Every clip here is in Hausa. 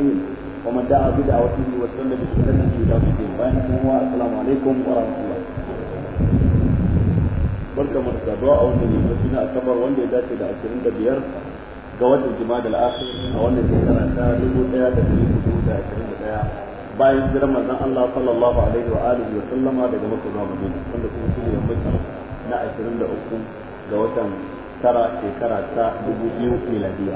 الدين ومن دعا بدعوته وسلم بسنته الى يوم الدين السلام عليكم ورحمه الله barka mu da du'a wannan yammaci na asabar wanda ya dace da 25 ga watan jima'a al-akhir a wannan shekara ta 1421 bayan jiran manzon Allah sallallahu alaihi wa alihi wa sallama daga Makka zuwa Madina wanda kuma shi ne yammaci na 23 ga watan tara shekara ta 2000 miladiya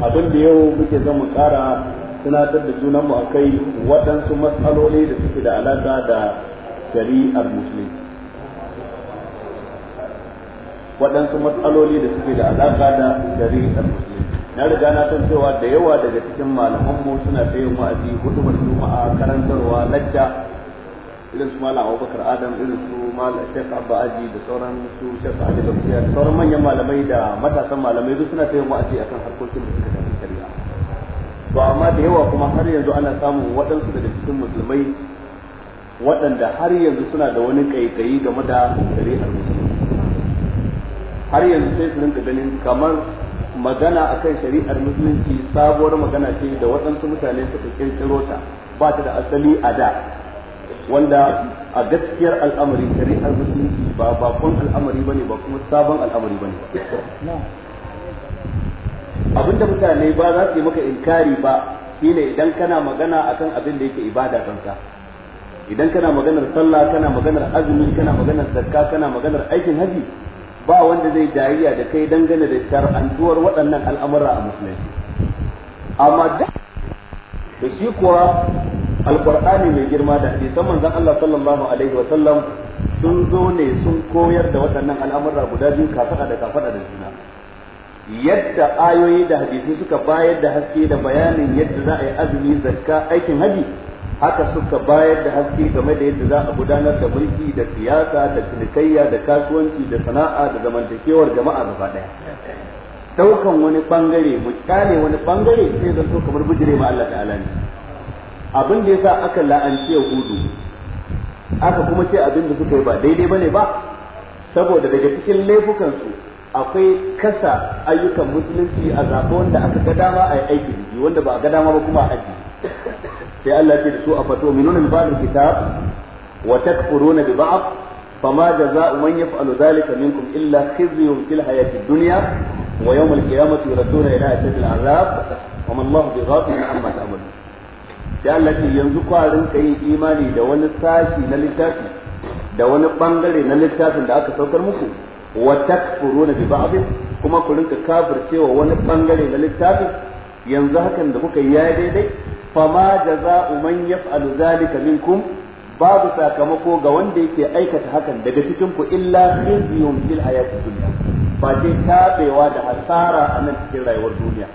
abin da yau muke zan mu kara tunatar da junanmu a kai waɗansu matsaloli da suke da alaƙa da shari'ar musulunci waɗansu matsaloli da suke da alaƙa da shari'ar musulunci na riga na san cewa da yawa daga cikin malamanmu suna ta yin wa'azi hudu juma'a karantarwa lacca irin su malam abubakar adam irin su malam shek abba aji da sauran su shek ali da sauran manyan malamai da matasan malamai duk suna tayin wa'azi akan harkokin da suka shafi shari'a to amma da yawa kuma har yanzu ana samun waɗansu daga cikin musulmai waɗanda har yanzu suna da wani ƙaiƙayi game da shari'ar musulmi har yanzu sai su rinka ganin kamar magana akan shari'ar musulunci sabuwar magana ce da waɗansu mutane suka kirkiro ta ba ta da asali a da wanda a gaskiyar al'amari shari'ar musulunci ba bakon al'amari bane ba kuma sabon al'amari bane abinda mutane ba za su yi maka inkari ba shine idan kana magana akan abin da yake ibada kanka idan kana maganar sallah kana maganar azumi kana maganar zakka kana maganar aikin haji ba wanda zai dariya da kai dangane da shar'antuwar waɗannan al'amura a musulunci amma da shi kuwa alqur'ani mai girma da hadisan manzon Allah sallallahu alaihi wa sallam sun zo ne sun koyar da waɗannan al'amura guda biyu kafada da kafada da juna yadda ayoyi da hadisi suka bayar da haske da bayanin yadda za a yi azumi zakka aikin haji haka suka bayar da haske game da yadda za a gudanar da mulki da siyasa da cinikayya da kasuwanci da sana'a da zamantakewar jama'a gaba daya daukan wani bangare mu kyale wani bangare sai so kamar bijire ma Allah ta'ala ne abin da yasa aka la'anci yahudu aka kuma ce abin da suka yi ba daidai bane ba saboda daga cikin laifukansu akwai kasa ayyukan musulunci a zaɓi wanda aka ga dama a yi aiki wanda ba a ga dama ba kuma a aji sai Allah ce da su a fato minuna ba'd kitab wa takfuruna bi ba'd fama jazaa'u man yaf'alu dhalika minkum illa khizyun fil hayati dunya wa yawm al-qiyamati yurduna ila ashadil 'adab wa ma Allahu bighafilin amma ta'malun da Allah yanzu kwarin kai imani da wani sashi na littafi da wani bangare na littafin da aka saukar muku wa takfuruna bi ba'd kuma ku rinka kafircewa wani bangare na littafin yanzu hakan da kuka yi yayi daidai fama da za man yaf'alu zalika minkum babu sakamako ga wanda yake aikata hakan daga cikin ku illa khizyun fil hayatid dunya ba dai tabewa da hasara a nan cikin rayuwar duniya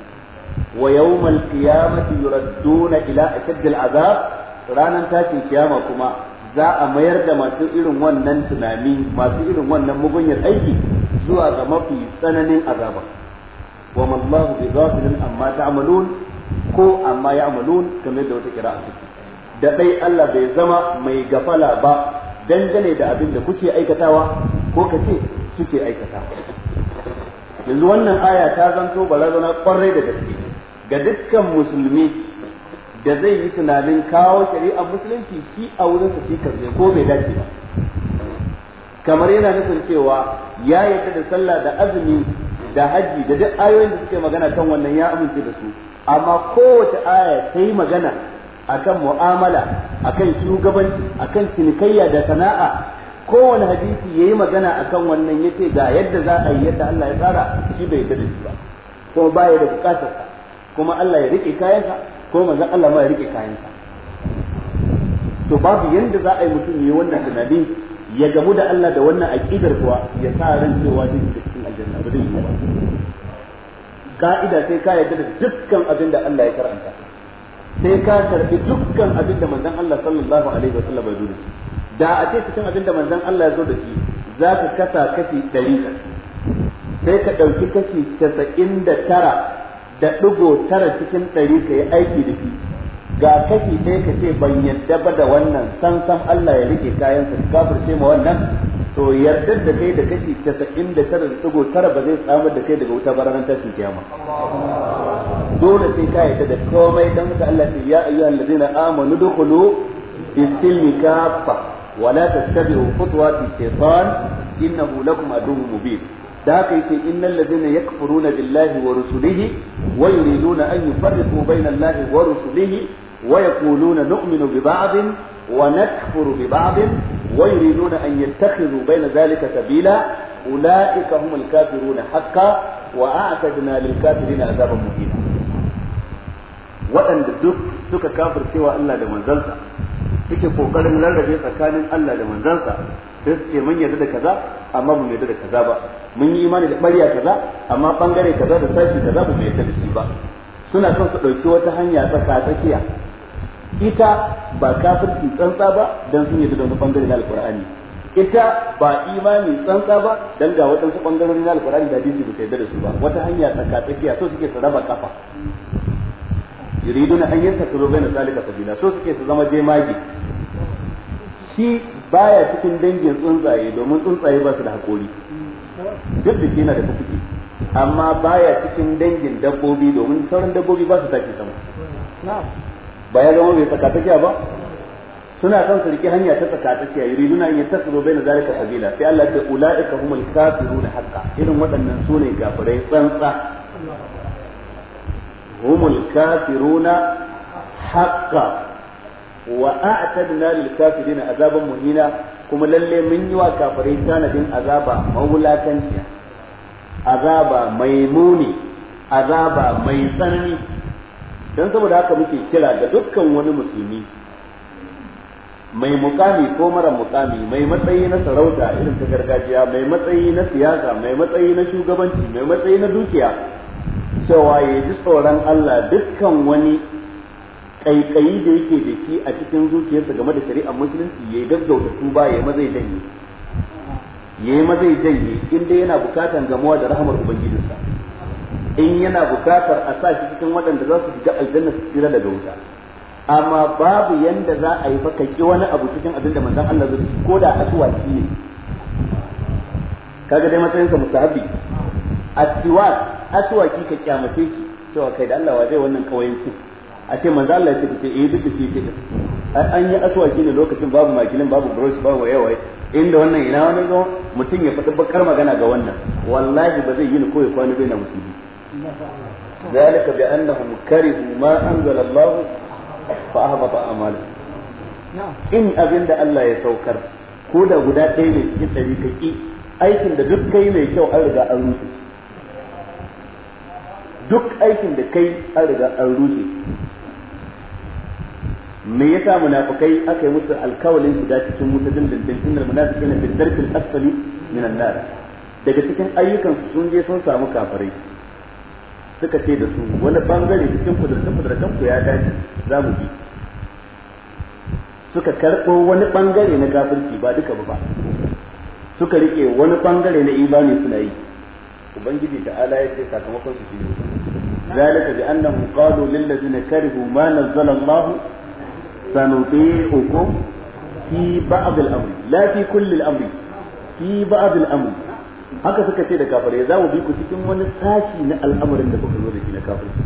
ويوم القيامة يردون إلى أشد العذاب ranar tashin kiyama kuma za a mayar da masu irin wannan tunani masu irin wannan mugunyar aiki zuwa ga mafi tsananin azaba wa mallahu bi ghafilin amma ta'malun ko amma ya'malun kamar da wata kira'a take da dai Allah bai zama mai gafala ba dangane da abin da kuke aikatawa ko kace suke aikatawa yanzu wannan aya ta zanto barazana kwarai da gaske ga dukkan musulmi da zai yi tunanin kawo shari'ar musulunci shi a wurin su shi karbe ko bai dace ba kamar yana nufin cewa ya yarda da sallah da azumi da hajji, da duk ayoyin da suke magana kan wannan ya amince da su amma kowace aya ta yi magana akan mu'amala akan shugabanci akan cinikayya da sana'a kowane hadisi ya yi magana akan wannan ya ce ga yadda za a yi yadda Allah ya tsara shi bai yarda da shi ba kuma ba ya da bukatar kuma Allah ya rike kayansa ko manzon Allah ma ya rike kayansa to babu yanda za a yi mutum yi wannan tunani ya gamu da Allah da wannan aqidar kuwa ya sa ran cewa zai shiga cikin aljanna ba zai ba ka'ida sai ka yarda da dukkan abin da Allah ya karanta sai ka karbi dukkan abin da manzon Allah sallallahu alaihi wasallam ya zo da shi da a ce cikin abin da manzon Allah ya zo da shi za ka kasa kashi 100 sai ka dauki kashi 99 da ɗigo tara cikin ɗari ka yi aiki da shi ga kashi ɗaya ka ce ban yadda ba da wannan san san Allah ya rike kayansa ka kafirce ma wannan to yardar da kai da kashi casa'in da tara da ɗigo tara ba zai samar da kai daga wuta ba ranar tashin kiyama dole sai ka yadda da komai dan haka Allah ce ya ayyuhal ladina amanu dukhulu fi silmi kaffa ta tattabi'u khutuwati shaytan innahu lakum aduwwun mubin da haka yake innal ladina yakfuruna billahi wa rusulihi wa yuriduna an yufarriqu bayna allahi wa rusulihi wa yaquluna nu'minu bi ba'din wa nakfuru bi ba'din wa yuriduna an yattakhidhu bayna dhalika sabila ulaika humul kafiruna haqqan wa a'tadna lil kafirina azaban muhina waɗanda duk suka cewa Allah da manzansa suke kokarin lallabe tsakanin Allah da manzansa sai su ce mun yarda da kaza amma mu yarda da kaza ba mun yi imani da ɓarya kaza amma bangare kaza da sashi kaza ba mu yarda da shi ba suna son su ɗauki wata hanya ta tsakiya ita ba kafirci tsantsa ba dan sun yarda da wani bangare na alkur'ani ita ba imani tsantsa ba dan ga waɗansu bangarori na alkur'ani da hadisi ba su yarda da su ba wata hanya tsaka tsakiya so suke su raba kafa yuriduna an yantakilu bayna zalika sabila so suke su zama jemage shi baya cikin dangin tsuntsaye domin tsuntsaye ba su da hakori duk da yana da kuɗi amma baya cikin dangin dabbobi domin sauran dabbobi ba su tashi sama ba ya zama bai tsakatsakiya ba suna son su hanya ta tsakatsakiya yuriduna an bai na zalika kabila sai Allah ta ulaika humul kafiruna haqqan irin waɗannan sune gafirai tsantsa humul kafiruna haqqan wa a'tadna lil kafirin azaban muhina kuma lalle mun yi wa kafirai tanadin azaba mawulatanciya azaba mai muni azaba mai tsanani dan saboda haka muke kira ga dukkan wani musulmi mai mukami ko mara mukami mai matsayi na sarauta irin ta gargajiya mai matsayi na siyasa mai matsayi na shugabanci mai matsayi na dukiya cewa ya ji tsoron Allah dukkan wani kaikayi da yake da shi a cikin zuciyarsa game da shari'ar musulunci ya yi gaggauta tuba ya maza ya janye ya yi maza ya danye in dai yana bukatar gamuwa da rahamar ubangijinsa in yana bukatar a sa shi cikin waɗanda za su fita aljanna su tsira daga wuta amma babu yanda za a yi fa ki wani abu cikin abin da manzon Allah zai ko da aswaki ne kaga dai matsayin sa musahabi aswak ki ka kyamace ki? cewa kai da Allah wa zai wannan kawayen a ce manzo Allah ya ce kace eh duk da shi kace an yi aswaki ne lokacin babu makilin babu brush babu waye inda wannan ina wani zo mutum ya faɗi bakar magana ga wannan wallahi ba zai yi ni ko ya kwana bai na musulmi ذلك بأنهم كرهوا ما أنزل الله ba أعمالهم in abin da Allah ya saukar ko da guda ɗaya ne cikin ɗari ka ƙi aikin da duk kai mai kyau an riga an rushe duk aikin da kai an riga an rushe me yasa munafikai aka yi musu alkawalin shiga cikin wuta dindindin innal munafiqina fi ddarkil asfali min an-nar daga cikin ayyukan su sun je sun samu kafirai suka ce da su wani bangare cikin kudurta kudurta ku ya dace za mu bi suka karɓo wani bangare na kafirci ba duka ba suka rike wani bangare na imani suna yi ubangiji da ala ya ce sakamakon su shi ne zalika bi annahum qalu lil ladina karihu ma nazzala Allahu sanuti'ukum fi ba'd al-amr la fi kulli al-amr fi haka suka ce da kafare za mu bi ku cikin wani sashi na al'amarin da kuka zo da shi na kafirai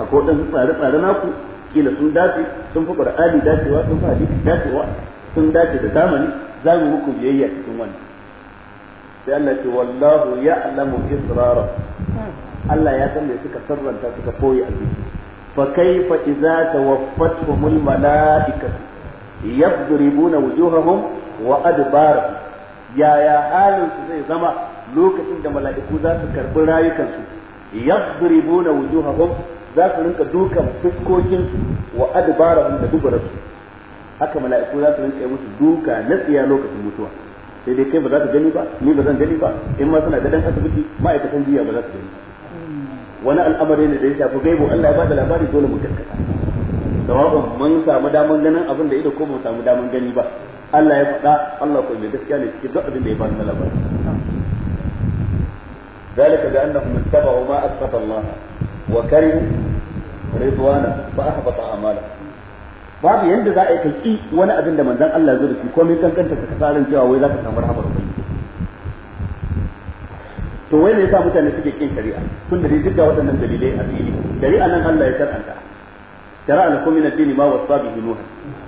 akwai wadansu tsare-tsare naku kila sun dace sun fi qur'ani dacewa sun fi hadisi dacewa sun dace da zamani za mu muku biyayya cikin wani sai Allah ce wallahu ya'lamu israra Allah ya san me suka sarranta suka koyi a zuciya فكيف إذا توفتهم الملائكة يضربون وجوههم وأدبارهم يا يا حال زي زما لوكتين da mala'iku za su karbi rayukansu yadribuna wujuhahum za su rinka dukan fuskokinsu wa da haka mala'iku za su rinka musu duka na tsiya lokacin mutuwa sai dai kai ba za ka gani ba ni ba zan gani ba in ma suna da asibiti ma'aikatan jiya ba za su gani ba wani al'amari ne da ya shafi gaibo Allah ya bada labari dole mu gaskata sawa'un mun samu daman ganin abin da ido ko mu samu daman gani ba Allah ya faɗa Allah ko mai gaskiya ne cikin duk abin da ya bada labari ذلك بأنهم اتبعوا ما أسخط الله وكرهوا رضوانه فأحبط أعمالهم babu yanda za a yi kaki wani abin da manzon Allah zai rufi komai kankanta ka kasarin cewa wai za ka samu rahamar to wai ne yasa mutane suke kin shari'a kun da duk waɗannan dalilai a fili shari'a nan Allah ya shar'anta shari'a lakum min ad ma wasa bihi nuh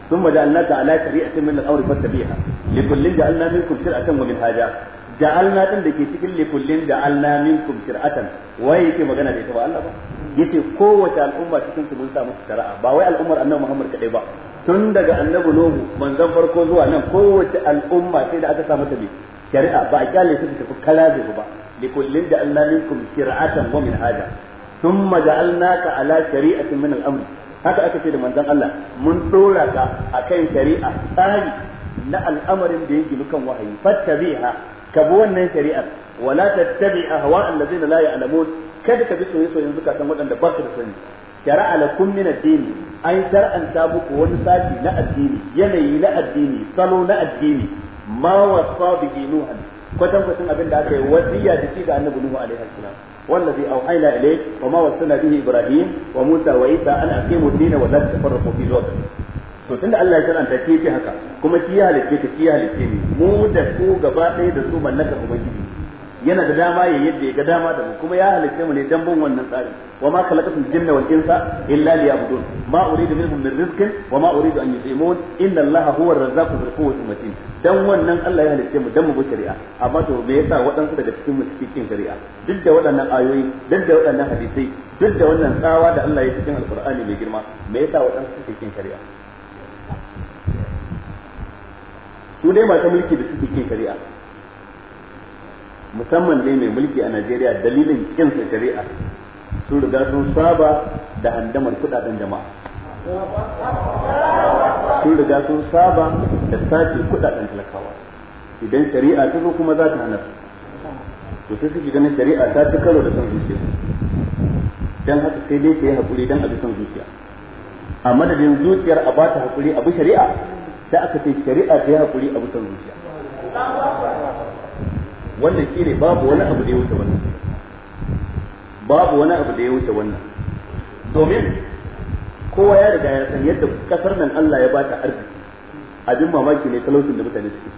thumma ja'alnaka ala shari'atin a al-amri fattabi'ha likullin ja'alna minkum shir'atan wa minhaja ja'alna din da ke cikin likullin ja'alna minkum shir'atan wai yake magana da ita ba Allah ba yace kowace al'umma cikin su samu shari'a ba wai al'ummar annabi Muhammad kadai ba tun daga annabi Nuhu manzon farko zuwa nan kowace al'umma sai da ata samu ta shari'a ba a kyale su ba da لكل جعلنا منكم Tun ومنهاجا al'aka ala shari'a شريعة من الأمر haka aka ce da manzon Allah mun dora ka akan shari'a tsari na al'amarin da ya ginu kan wahayi fattabiha ka bi wannan shari'ar wala tattabi ahwa allazina la ya'lamun kada ka bi soyayya soyayya zukatan waɗanda ba su da sani shari'a lakum min ad-dini an shar'anta muku wani sashi na addini yanayi na addini salo na addini ma wasa bihi nuhan kwatan kwatan abin da aka yi wasiya da shi ga annabi nuhu alaihi salam wallazi auhayna ilayk wa ma wasana bihi ibrahim wa musa wa isa an aqimu ad-din wa la tafarraqu fi zawj to tunda Allah ya karanta ke haka kuma ki ya halitta ka shi ya halitta mu da ku gaba ɗaya da su mallakar ubangiji yana da dama ya yadda ya ga dama da mu kuma ya halitta mu ne dan bin wannan tsari wa ma khalaqatul jinna wal insa illa liya'budun ma uridu minhum min rizqin wa ma uridu an yut'imun inna allaha huwa ar-razzaqu dhul quwwati matin dan wannan Allah ya halitta mu dan mu bi shari'a amma to me yasa waɗansu daga cikin mu suke kin shari'a duk da waɗannan ayoyi duk da waɗannan hadisai duk da wannan tsawa da Allah ya cikin alqur'ani mai girma me yasa waɗansu suke kin shari'a su dai masu mulki da suke kin shari'a musamman dai mai mulki a Najeriya dalilin kin sa shari'a sun riga sun saba da handamar kudaden jama'a sun riga sun saba da sace kudaden talakawa idan shari'a ta zo kuma za ta hana su to sai suke ganin shari'a ta ci karo da son zuciya dan haka sai dai ta yi hakuri dan a bi son zuciya a madadin zuciyar a bata hakuri a bi shari'a da aka ce shari'a ta yi hakuri a bi son zuciya wannan shine babu wani abu da ya wuce wannan babu wani abu da ya wuce wannan domin kowa ya riga ya san yadda kasar nan Allah ya bata arziki abin mamaki ne talaucin da mutane suke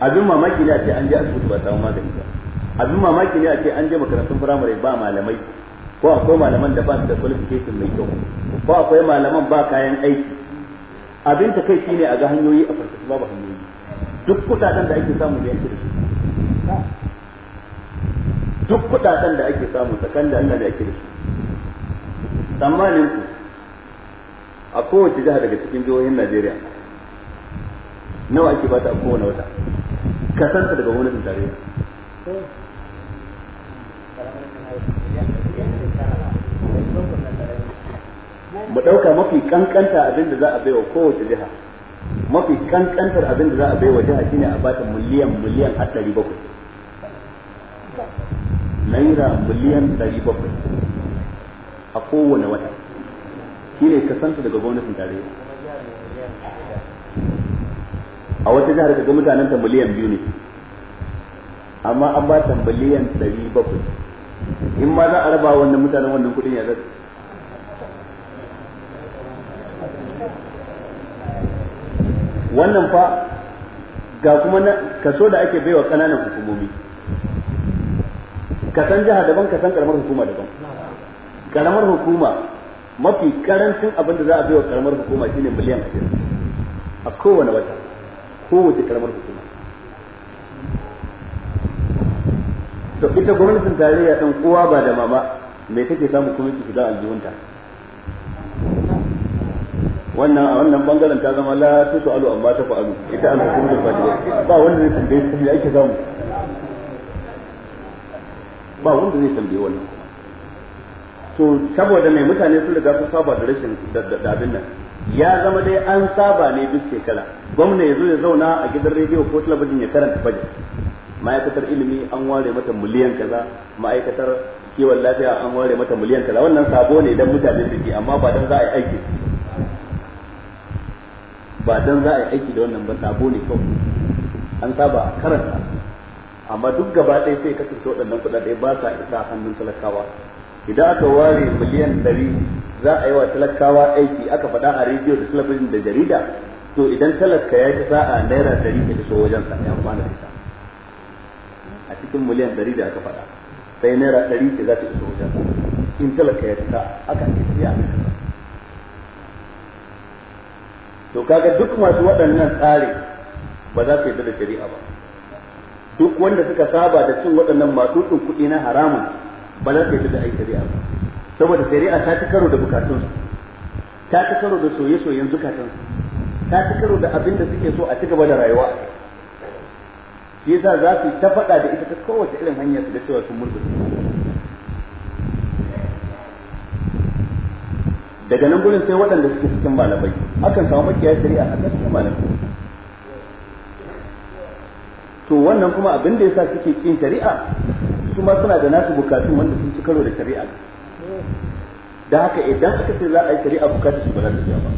abin mamaki ne a ce an je asibiti ba samu magani ba abin mamaki ne a ce an je makarantun firamare ba malamai ko akwai malaman da ba su da qualification mai kyau ko akwai malaman ba kayan aiki abin ta kai shine a ga hanyoyi a farkasu babu hanyoyi duk kudaden da ake samu da yake da duk kudaden da ake samu tsakan da Allah da yake da tsammanin ku a kowace jiha daga cikin jihohin Najeriya nawa ake bata a kowane wata kasanta daga gwamnatin tarayya mu ɗauka mafi kankanta abin da za a baiwa kowace jiha mafi kankantar abin da za a bai wa jiha shine a bata miliyan miliyan har ɗari bakwai naira miliyan ɗari bakwai a kowane wata shine kasanta daga gwamnatin tarayya a wata jihar daga mutanen ta miliyan biyu ne amma an ba ta miliyan ɗari bakwai in ma za a raba wannan mutanen wannan kuɗin ya zai wannan fa ga kuma kaso da ake baiwa kananan hukumomi ka san jiha daban ka san karamar hukuma daban karamar hukuma mafi karancin abin da za a baiwa karamar hukuma shine miliyan 20 a kowane wata kowace karamar hukuma to ita gwamnatin tarayya ɗan kowa ba da mama me take samu kuma ki shiga aljihunta wannan a wannan bangaren ta zama la tusalu amma ta fa'alu ita an da fatiha ba wanda zai tambaye su me ake zamu ba wanda zai tambaye wannan to saboda mai mutane sun riga sun saba da rashin da abin nan ya zama dai an saba ne duk shekara gwamna ya zo ya zauna a gidan rediyo ko talabijin ya karanta bajet ma'aikatar ilimi an ware mata miliyan kaza ma'aikatar kiwon lafiya an ware mata miliyan kaza wannan sabo ne dan mutane suke amma ba dan za a yi aiki ba dan za a yi aiki da wannan ba sabo ne kawai an saba a karanta amma duk gaba ɗaya sai kasance waɗannan kuɗaɗe ba sa isa hannun talakawa idan aka ware miliyan ɗari za a yi wa talakawa aiki aka faɗa a rediyo da talabijin da jarida to idan talaka ya ci sa'a naira ɗari ka iso wajen sa ya amfana da ita a cikin miliyan ɗari da aka faɗa sai naira ɗari ce za ta iso wajen sa in talaka ya ci sa'a aka ce siya a to kaga duk masu waɗannan tsari ba za su yi da shari'a ba duk wanda suka saba da cin waɗannan masu tun kuɗi na haramun ba za su yi da ai shari'a ba saboda shari'a ta ci karo da bukatunsu ta ci karo da soye-soyen zukatansu ta ci karo da abin da suke so a ci gaba da rayuwa shi yasa za su ta faɗa da ita ta kowace irin hanya su da cewa sun murgusa daga nan gurin sai waɗanda suke cikin malamai akan samu makiyar shari'a a cikin malamai to wannan kuma abin da yasa suke cikin shari'a su ma suna da nasu bukatun wanda sun ci karo da shari'a da haka idan aka ce za a yi shari'a bukatar su ba za ta biya ba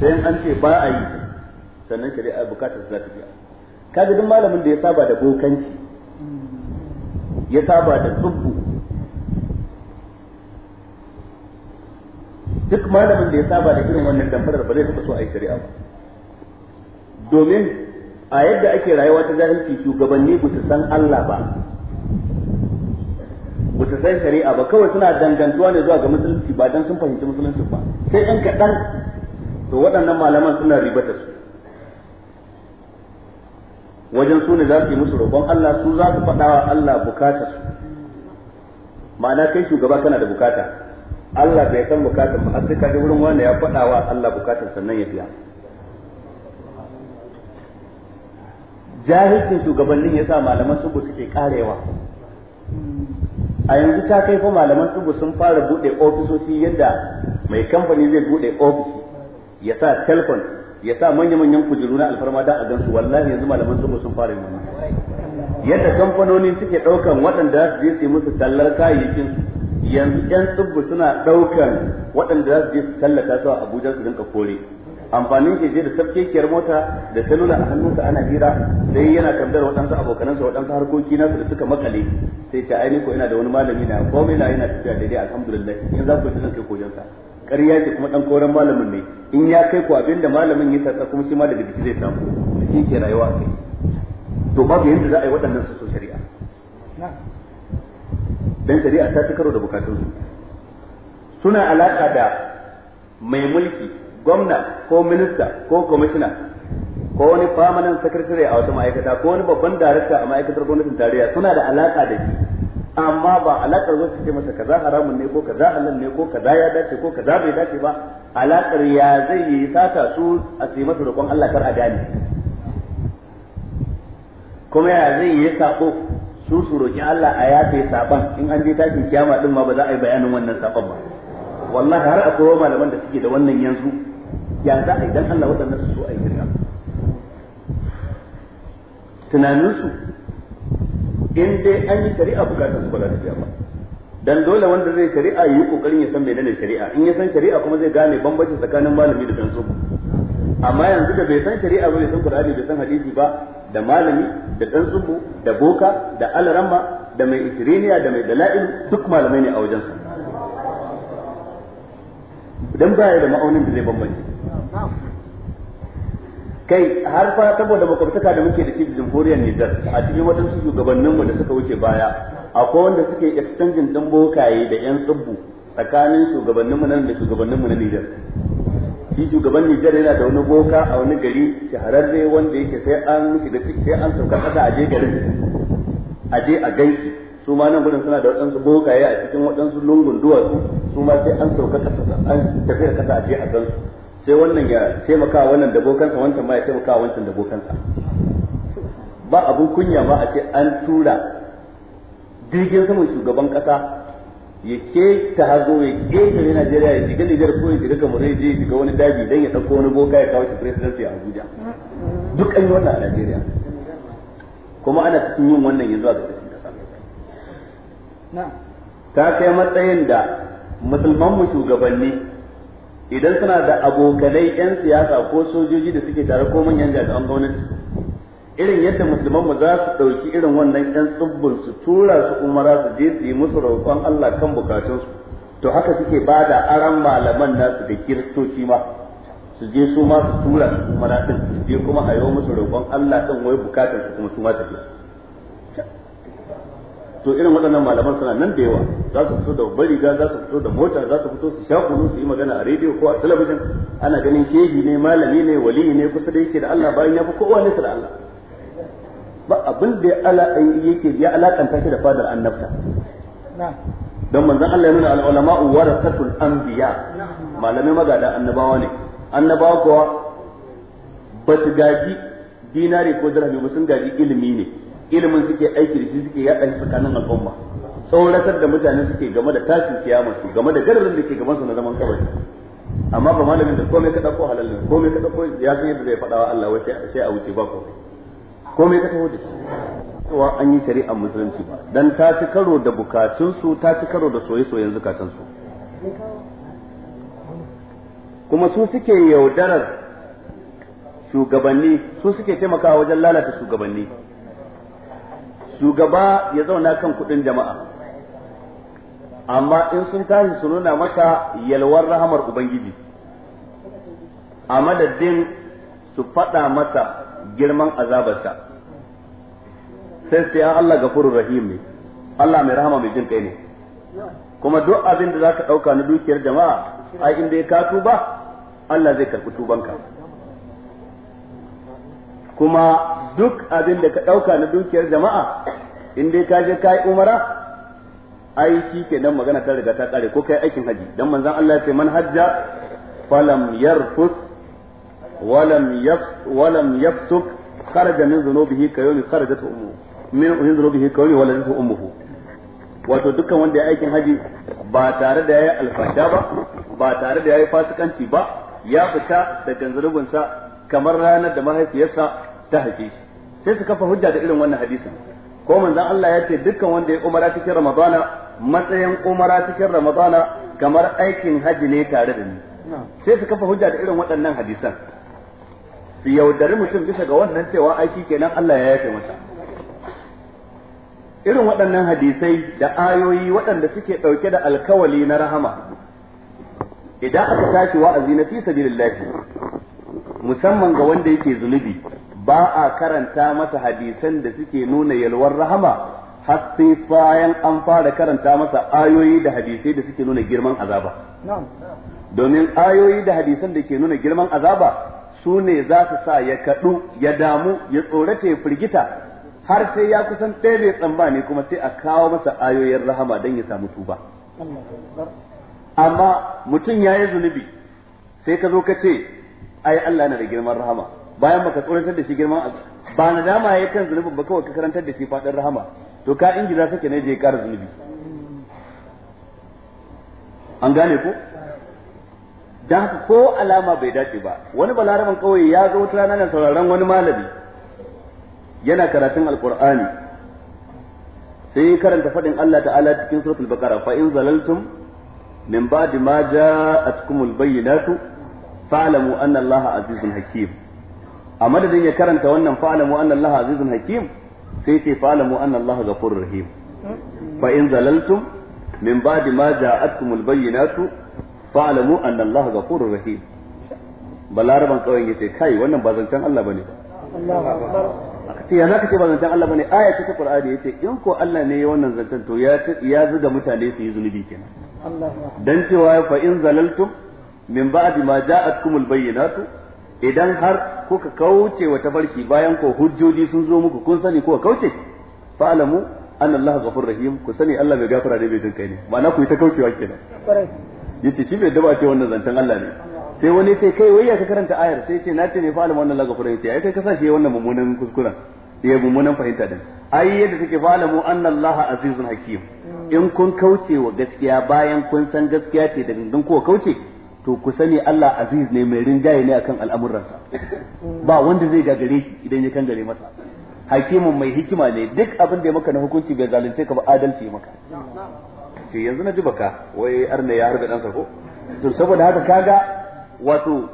sai an ce ba a yi sannan shari'a bukatar su za ta biya kaga duk malamin da ya saba da bokanci ya saba da tsubbu duk malamin da ya saba da irin wannan damfarar ba zai taɓa so a yi shari'a ba domin a yadda ake rayuwa ta zahirci shugabanni ba su san Allah ba ba su san shari'a ba kawai suna dangantuwa ne zuwa ga musulunci ba don sun fahimci musulunci ba sai ɗan kaɗan to waɗannan malaman suna ribata su wajen su ne za su yi musu roƙon Allah su za su faɗa wa Allah bukatar su ma'ana kai shugaba kana da bukata Allah bai san bukatun mu sai ka ji wurin wanda ya faɗa wa Allah bukatun sannan ya biya jahilcin shugabannin ya sa malaman subu suke karewa a yanzu ta kai fa malaman subu sun fara buɗe ofisoshi yadda mai kamfani zai buɗe ofis ya sa telefon ya sa manya-manyan kujeru na alfarma da a gansu wallahi yanzu malaman subu sun fara yin yadda kamfanoni suke ɗaukan waɗanda za su je yi musu tallar kayayyakin su yanzu yan tsibbu suna ɗaukan waɗanda za su je su tallata su a Abuja su rinka kore amfanin ke je da tafkekiyar mota da salula a hannunsa ana hira sai yana tambayar waɗansu abokanansa waɗansu harkoki nasu da suka makale sai ce ai ko ina da wani malami na komai na yana tafiya daidai alhamdulillah in za ku tunan kai kojansa ƙarya ce kuma ɗan koren malamin ne in ya kai ku da malamin ya tsatsa kuma shi ma daga jiki zai samu shi ke rayuwa kai to babu yadda za a yi waɗannan su shari'a dan shari'a ta ci karo da bukatun su suna alaka da mai mulki gwamna ko minista ko kwamishina ko wani famanan sakirtare a wata ma'aikata ko wani babban darakta a ma'aikatar gwamnatin tarayya suna da alaka da shi amma ba alakar zo ce masa kaza haramun ne ko kaza halal ne ko kaza ya dace ko kaza bai dace ba alakar ya zai yi sata su a sai masa roƙon Allah kar a gane kuma ya zai yi sako su su roki Allah a yafe saban in an je tashin kiyama ɗin ma ba za a yi bayanin wannan saban ba wallahi har akwai malaman da suke da wannan yanzu ya za a yi dan Allah waɗannan su so a yi shirka tunaninsu in dai an yi shari'a bukatar su ba za ta ba dan dole wanda zai shari'a yi kokarin ya san menene shari'a in ya san shari'a kuma zai gane bambanci tsakanin malami da dan amma yanzu da bai san shari'a ba bai san qur'ani bai san hadisi ba da malami da dan zubu da boka da alramma da mai isriniya da mai dala'il duk malamai ne a wajen su, dan baya da ma'aunin da zai bambance kai har fa saboda makwabtaka da muke da shi jamhuriyar Nijar a cikin waɗansu mu da suka wuce baya akwai wanda suke exchange din bokaye da yan tsubbu tsakanin shugabanninmu nan da mu na Nijar shi shugaban Nijar yana da wani boka a wani gari shahararre wanda yake sai an da sai an sauka kasa a je garin a je a ganshi su ma nan gudun suna da waɗansu bokaye a cikin waɗansu lungun duwatsu su ma sai an sauka kasa an tafi kasa a je a gansu sai wannan ya taimaka wannan da bokansa wancan ma ya taimaka wancan da bokansa ba abun kunya ma a ce an tura jirgin saman shugaban kasa ya ke ta hazo ya ke ta ne Najeriya ya shiga Nijar ko ya shiga Kamaru ya je ya shiga wani daji dan ya dauko wani boka ya kawo shi presidenti a Abuja duk an yi wannan a Najeriya kuma ana cikin yin wannan yanzu a ga cikin kasa ta kai matsayin da musulman mu shugabanni idan suna da abokanai yan siyasa ko sojoji da suke tare ko manyan jami'an gwamnati irin yadda musulman mu za su ɗauki irin wannan ɗan tsubbun su tura su umara su je su yi musu roƙon Allah kan su to haka suke ba da aran malaman nasu da kiristoci ma su je su ma su tura su umara ɗin su je kuma a musu roƙon Allah ɗin wai bukatun su kuma su ma tafi to irin waɗannan malaman suna nan da yawa za su fito da ga za su fito da mota za su fito su sha kunu su yi magana a rediyo ko a talabijin ana ganin shehi ne malami ne wali ne kusa da yake da Allah bayan ya fi kowa nesa da Allah ba abin da ya ala yake ya alakanta shi da fadar annabta don manzon Allah ya nuna al-ulama'u warasatul anbiya malamai magada annabawa ne annabawa kuwa ba su gaji dinari ko dirhami ba sun gaji ilimi ne ilimin suke aiki da shi suke yaɗa shi tsakanin al'umma tsoratar da mutane suke game da tashin kiyama su game da garin da ke gaban su na zaman kabari amma ba malamin da komai ka dauko halalin komai ka dauko ya san yadda zai faɗawa Allah wai sai a wuce ba komai komai ka taho da shi cewa an yi shari'ar musulunci ba dan ta ci karo da bukatunsu ta ci karo da soye-soyen zukatansu kuma su suke yaudarar shugabanni su suke taimakawa wajen lalata shugabanni shugaba ya zauna kan kudin jama'a amma in sun tashi su nuna masa yalwar rahamar ubangiji a madadin su faɗa masa girman azabarsa sai sai ya Allah gafurur rahim ne Allah mai rahama mai jin kai ne kuma duk abin da zaka dauka na dukiyar jama'a ai inda ka tuba Allah zai karbi tubanka kuma duk abin da ka dauka na dukiyar jama'a inda ka je kai umara ai shi ke nan magana ta riga ta kare ko kai aikin haji dan manzon Allah ya ce man hajja falam yarfus walam yafs walam yafsuk kharaja min dhunubihi kayawmi kharajat ummu min uhinziru bihi qawli wala lazatu ummuhu wato dukkan wanda ya aikin haji ba tare da yayi alfasha ba ba tare da yayi fasikanci ba ya fita da ganzurubinsa kamar ranar da mahaifiyarsa ta haife shi sai su kafa hujja da irin wannan hadisin ko manzon Allah ya ce dukkan wanda ya umara cikin ramadana matsayin umara cikin ramadana kamar aikin haji ne tare da ni sai su kafa hujja da irin waɗannan hadisan su yaudari mutum bisa ga wannan cewa ai kenan Allah ya yafe masa irin waɗannan hadisai da ayoyi waɗanda suke ɗauke da alkawali na rahama idan aka tashi wa'azi na fi sabilillahi musamman ga wanda yake zunubi ba a karanta masa hadisan da suke nuna yalwar rahama har sai bayan an fara karanta masa ayoyi da hadisai da suke nuna girman azaba domin ayoyi da hadisan da ke nuna girman azaba su ne za su sa ya kaɗu ya damu ya tsorata ya firgita har sai ya kusan ɗaya mai tsamba ne kuma sai a kawo masa ayoyin rahama don ya samu tuba amma mutum ya yi zunubi sai ka zo ka ce ai Allah na da girman rahama bayan baka tsoratar da shi girman ba na dama ya kan zunubin ba kawai ka karantar da shi faɗin rahama to ka ingiza sake ne je ya ƙara zunubi an gane ko dan haka ko alama bai dace ba wani balaraban kawai ya zo wata rana na sauraron wani malami yana karatun alqur'ani sai karanta fadin Allah ta'ala cikin suratul baqara fa in zalaltum min ba'di ma ja'atkumul bayyinatu fa'lamu anna Allah azizun hakim a madadin ya karanta wannan fa'lamu anna Allah azizun hakim sai ce fa'lamu anna Allah ghafurur rahim fa in zalaltum min ba'di ma ja'atkumul bayyinatu fa'lamu anna Allah ghafurur rahim balaraban kawai yace kai wannan ba zancen Allah bane ba sai ya zaka ce ba zancen Allah bane aya ta Qur'ani yace in ko Allah ne ya wannan zancen to ya ya zuga mutane su yi zunubi kenan dan cewa fa in zalaltum min ba'di ma ja'atkumul bayyinatu idan har kuka kauce wa tafarki bayan ko hujjoji sun zo muku kun sani ko kauce alamu anna Allah ghafur rahim ku sani Allah bai gafara ne bai jinkai ne ma'ana ku yi ta kaucewa kenan yace shi bai daba ce wannan zancen Allah ne sai wani sai kai wai ya ka karanta ayar sai ce na ce ne fa alama wannan lagafura ce ai kai ka sashi wannan mummunan kuskuren ya mummunan fahimta din ai yadda take fa alamu anna allaha azizun hakim in kun kauce wa gaskiya bayan kun san gaskiya ce da gangan ko kauce to ku sani Allah aziz ne mai rinjaye ne akan al'amuransa ba wanda zai gagare shi idan ya kangare masa hakimin mai hikima ne duk abin da ya maka na hukunci bai zalunce ka ba adalci ya maka ce yanzu na ji baka wai arna ya harbe ɗansa ko to saboda haka kaga wato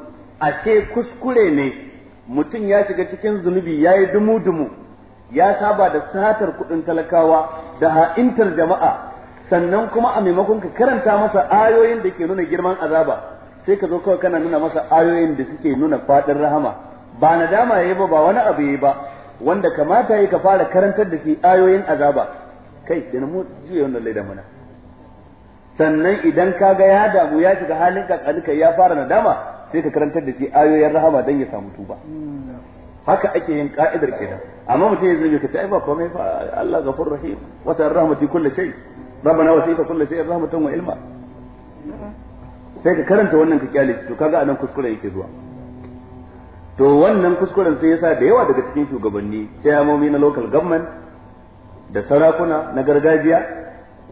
ce kuskure ne mutum ya shiga cikin zunubi ya yi dumu-dumu ya saba da satar kuɗin talakawa da ha'intar jama'a sannan kuma a maimakon ka karanta masa ayoyin da ke nuna girman azaba sai ka zo kawai kana nuna masa ayoyin da suke nuna faɗin rahama ba nadama yayi ba ba wani abu yayi ba wanda kamata yi ka fara karantar da shi ayoyin azaba kai da mu juya wannan laidan mana sannan idan ka ga ya damu ya shiga halin kakanika ya fara nadama sai ka karantar da shi ayoyin rahama don ya samu tuba haka ake yin ka'idar kenan amma mutum ya zai kace ai ba komai fa Allah gafur rahim wa ta rahmati kulli shay rabbana wasi'ta kulli shay rahmatan wa ilma sai ka karanta wannan ka kyale to kaga anan kuskure yake zuwa to wannan kuskuren sai yasa da yawa daga cikin shugabanni chairmomi na local government da sarakuna na gargajiya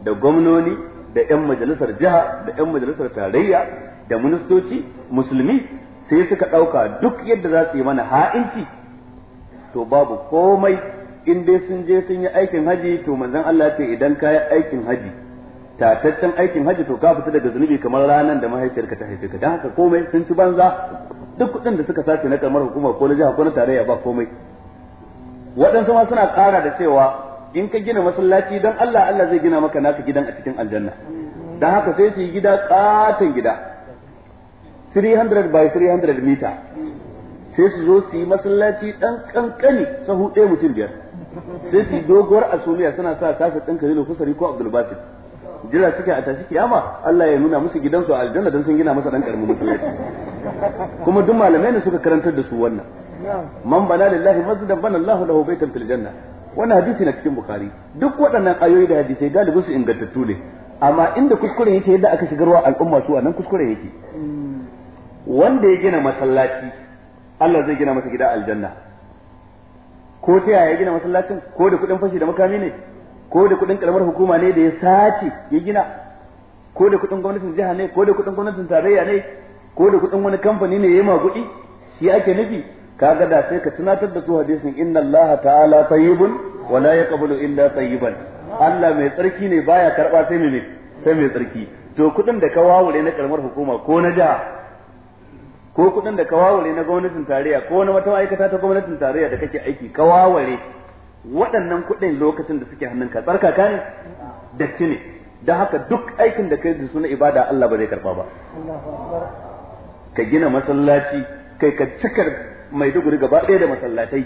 da gwamnoni da yan majalisar jiha da yan majalisar tarayya da ministoci musulmi sai suka ɗauka duk yadda za su yi mana ha'inci to babu komai in dai sun je sun yi aikin haji to manzon Allah ce idan ka yi aikin haji tataccen aikin haji to ka fita daga zunubi kamar ranar da mahaifiyarka ta haife ka dan haka komai sun ci banza duk kuɗin da suka sace na kamar hukuma ko na jiha ko na tarayya ba komai waɗansu ma suna ƙara da cewa in ka gina masallaci dan Allah Allah zai gina maka naka gidan a cikin aljanna dan haka sai su yi gida katon gida 300 by 300 mita sai su zo su yi masallaci dan kankani sahu ɗaya mutum biyar sai su yi doguwar asumiya suna sa kasa ɗin kalilu kusari ko abdul basit jira suke a tashi kiyama Allah ya nuna musu gidansu a aljanna dan sun gina masa dan karamin masallaci kuma duk malamai ne suka karantar da su wannan man bana lillahi masjidan bana Allahu lahu baitan fil janna wannan hadisi na cikin bukari duk waɗannan ayoyi da hadisai galibin su ingantattu ne amma inda kuskure yake yadda aka shigarwa al'umma su nan kuskure yake wanda ya gina masallaci Allah zai gina masa gida aljanna ko ta yaya gina masallacin ko da kuɗin fashi da makami ne ko da kuɗin karamar hukuma ne da ya sace ya gina ko da kuɗin gwamnatin jiha ne ko da kuɗin gwamnatin tarayya ne ko da kuɗin wani kamfani ne ya yi maguɗi shi ake nufi kaga da sai ka tunatar da su hadisin inna allaha ta'ala tayyibun wa la yaqbalu illa tayyiban Allah mai tsarki ne baya karba sai mai sai mai tsarki to kudin da ka wawure na karamar hukuma ko na da ko kudin da ka wawure na gwamnatin tarayya ko na wata ma'aikata ta gwamnatin tarayya da kake aiki ka wawure waɗannan kudin lokacin da suke hannunka ka ne da ne don haka duk aikin da kai da suna ibada Allah ba zai karba ba ka gina masallaci kai ka cikar Mai duguri gaba ɗaya da masallatai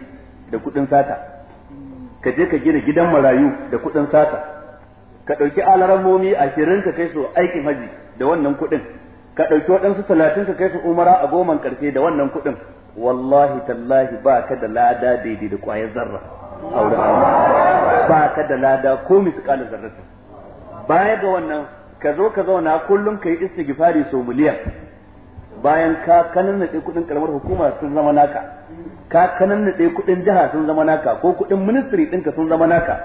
da kuɗin sata ka je ka gina gidan marayu da kuɗin sata ka ɗauki alaramomi ashirin ka kai su aikin haji da wannan kuɗin ka ɗauki waɗansu talatin ka kai su umara a goman ƙarshe da wannan kuɗin wallahi tallahi ba ka da lada daidai da ƙwayar zarra a wurin ba ka da lada ko mai misƙalin zarratin baya ga wannan ka zo ka zauna kullum ka yi istigifari sau miliyan bayan ka kananade kudin karamar hukuma sun zama naka ka kananade kudin jiha sun zama naka ko kudin ministry dinka sun zama naka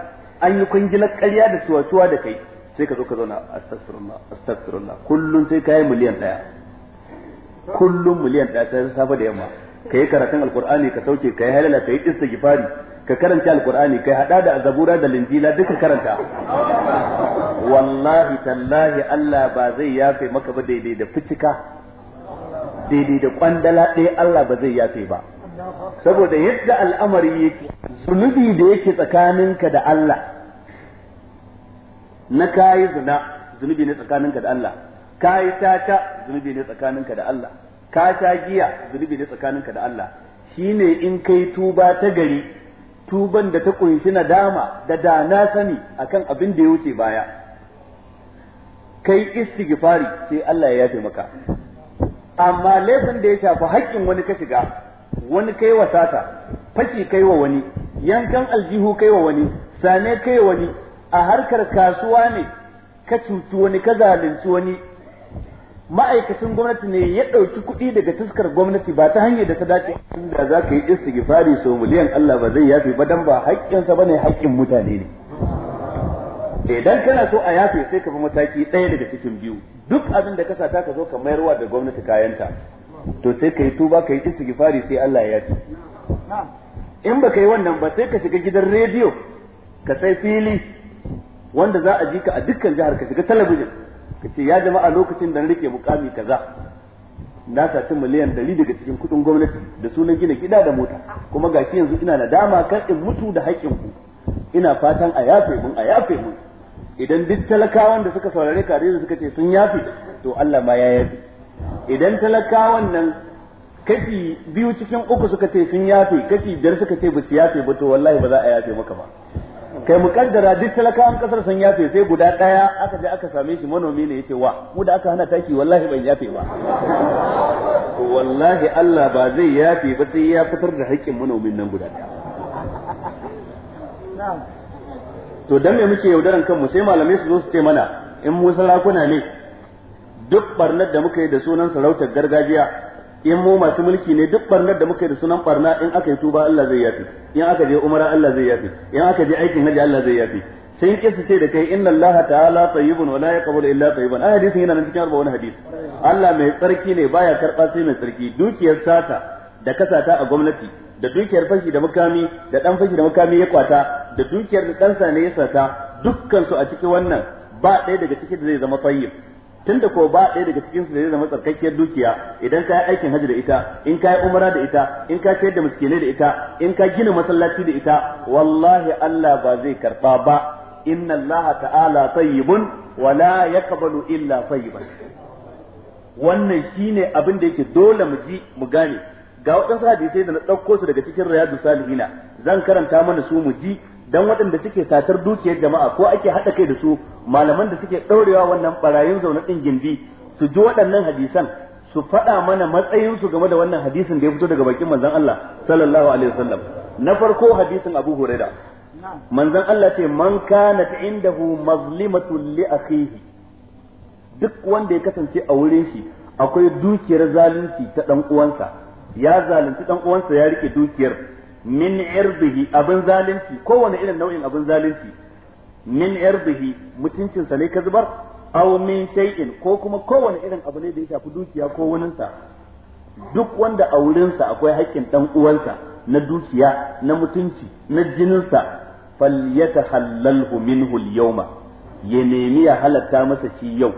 an yi kungilar ƙarya da cuwa da kai sai ka zo ka zauna astagfirullah astagfirullah kullum sai ka yi miliyan ɗaya kullum miliyan ɗaya sai safa da yamma ka yi karatun alkur'ani ka sauke ka yi halala ka yi istighfari ka karanta alqur'ani ka hada da zabura da linjila duka karanta wallahi tallahi Allah ba zai yafe maka ba daidai da fitika daidai da kwandala ɗaya Allah ba zai yafe ba saboda yadda al'amari yake zunubi da yake tsakaninka da Allah na kayi zina zunubi ne tsakaninka da Allah kayi tata zunubi ne tsakaninka da Allah ka sha giya zunubi ne tsakaninka da Allah shine in kai tuba ta gari tuban da ta kunshi nadama da da na sani akan abin da ya wuce baya kai istighfari sai Allah ya yafe maka amma laifin da ya shafi haƙƙin wani ka shiga wani kai wa sata fashi kai wa wani yankan aljihu kai wa wani sane kai wa wani a harkar kasuwa ne ka cuci wani ka zalunci wani ma'aikacin gwamnati ne ya ɗauki kuɗi daga tuskar gwamnati ba ta hanyar da ta dace inda za ka yi istighfari sau miliyan Allah ba zai yafe ba dan ba haƙƙinsa bane haƙƙin mutane ne idan kana so a yafe sai ka bi mataki ɗaya daga cikin biyu duk abin da ka sata ka zo ka mayarwa da gwamnati kayanta to sai ka yi tuba ka yi fari sai Allah ya ci in ba ka yi wannan ba sai ka shiga gidan rediyo ka sai fili wanda za a ji ka a dukkan jihar ka shiga talabijin ka ce ya jama'a lokacin da na rike mukami kaza na saci miliyan ɗari daga cikin kuɗin gwamnati da sunan gina gida da mota kuma gashi yanzu ina nadama kan in mutu da haƙƙin ku ina fatan a yafe mun a yafe mun idan duk talakawan da suka saurare ka da suka ce sun yafi to Allah ma ya yafi idan talakawan nan kashi biyu cikin uku suka ce sun yafe kashi biyar suka ce ba su yafe ba to wallahi ba za a yafe maka ba kai mu kaddara duk talakawan kasar sun yafe sai guda daya aka je aka same shi manomi ne yace wa mu da aka hana taki wallahi ban yafe ba to wallahi Allah ba zai yafe ba sai ya fitar da haƙƙin manomin nan guda daya to dan me muke yaudaran kanmu sai malamai su zo su ce mana in mu sarakuna ne duk barnar da muka yi da sunan sarautar gargajiya in mu masu mulki ne duk barnar da muka yi da sunan barna in aka yi tuba Allah zai yafi in aka je umara Allah zai yafi in aka je aikin haji Allah zai yafi sai su ce da kai inna Allah ta'ala tayyibun wa la yaqbalu illa tayyiban ai hadisin yana nan cikin arba wani hadisi Allah mai tsarki ne baya karba sai mai tsarki dukiyar sata da kasata a gwamnati da dukiyar fashi da mukami da dan fashi da mukami ya kwata da dukiyar da ɗansa ne ya sata dukkan su a cikin wannan ba ɗaya daga cikin da zai zama tayyib tunda ko ba ɗaya daga cikin su da zai zama tsarkakkiyar dukiya idan ka yi aikin hajji da ita in ka yi umara da ita in ka ciyar da miskinai da ita in ka gina masallaci da ita wallahi Allah ba zai karba ba inna Allah ta'ala tayyibun wa la yaqbalu illa tayyiban wannan shine abin da yake dole mu ji mu gane ga waɗansu hadisai da na ɗauko su daga cikin riyadu salihina zan karanta mana su mu ji dan waɗanda suke tatar dukiyar jama'a ko ake haɗa kai da su malaman da suke ɗaurewa wannan barayin zaune ɗin gindi su ji waɗannan hadisan su faɗa mana matsayinsu game da wannan hadisin da ya fito daga bakin manzon Allah sallallahu alaihi wasallam na farko hadisin Abu Huraira manzon Allah ce man kanat indahu mazlimatu li akhihi duk wanda ya kasance a wurin shi akwai dukiyar zalunci ta dan uwansa ya zalunci dan uwansa ya rike dukiyar min irbihi abin zalunci kowane irin nau'in abin zalunci min irbihi mutuncinsa ne ka zubar aw min shay'in ko kuma kowane irin abu ne da ya shafi dukiya ko sa. duk wanda a wurinsa akwai haƙƙin dan uwansa na dukiya na mutunci na jinin jininsa falyatahallalhu minhu al-yawma ya nemi ya halatta masa shi yau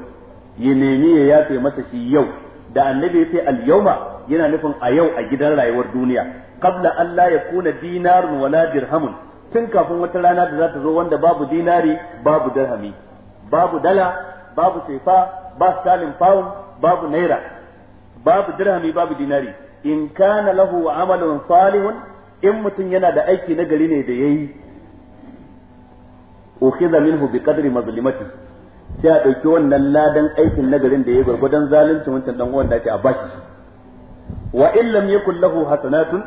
ya nemi ya yafe masa shi yau da annabi ya ce al-yawma yana nufin a yau a gidan rayuwar duniya qabla an la yakuna dinarun wala dirhamun tun kafin wata rana da za ta zo wanda babu dinari babu dirhami babu dala babu sefa ba salim pound babu naira babu dirhami babu dinari in kana lahu amalun salihun in mutum yana da aiki na gari ne da yayi ukhiza minhu bi qadri mazlimati sai a ɗauki wannan ladan aikin nagarin da yayi gwargwadon zalunci wancan dan uwan da ake a bashi wa in lam yakul lahu hasanatun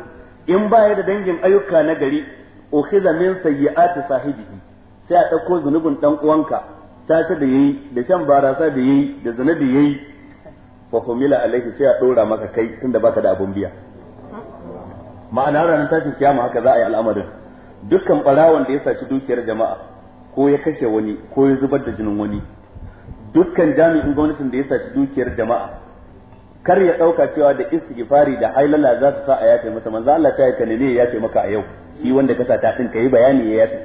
in baya da dangin ayyuka na gari ukhiza min sayyi'ati sahibihi sai a dauko zunubin dan uwanka ta da yayi da shan barasa da yayi da zina da yayi fa humila alaihi sai a dora maka kai tunda baka da abun biya ma'ana ta ce kiyama haka za a yi al'amarin dukkan barawon da ya saci dukiyar jama'a ko ya kashe wani ko ya zubar da jinin wani dukkan jami'in gwamnatin da ya saci dukiyar jama'a kar ya dauka cewa da istighfari da hailala za su sa a yafe masa manzo Allah ta yi ne ya yafe maka a yau shi wanda ka sa ta din kai bayani ya yafe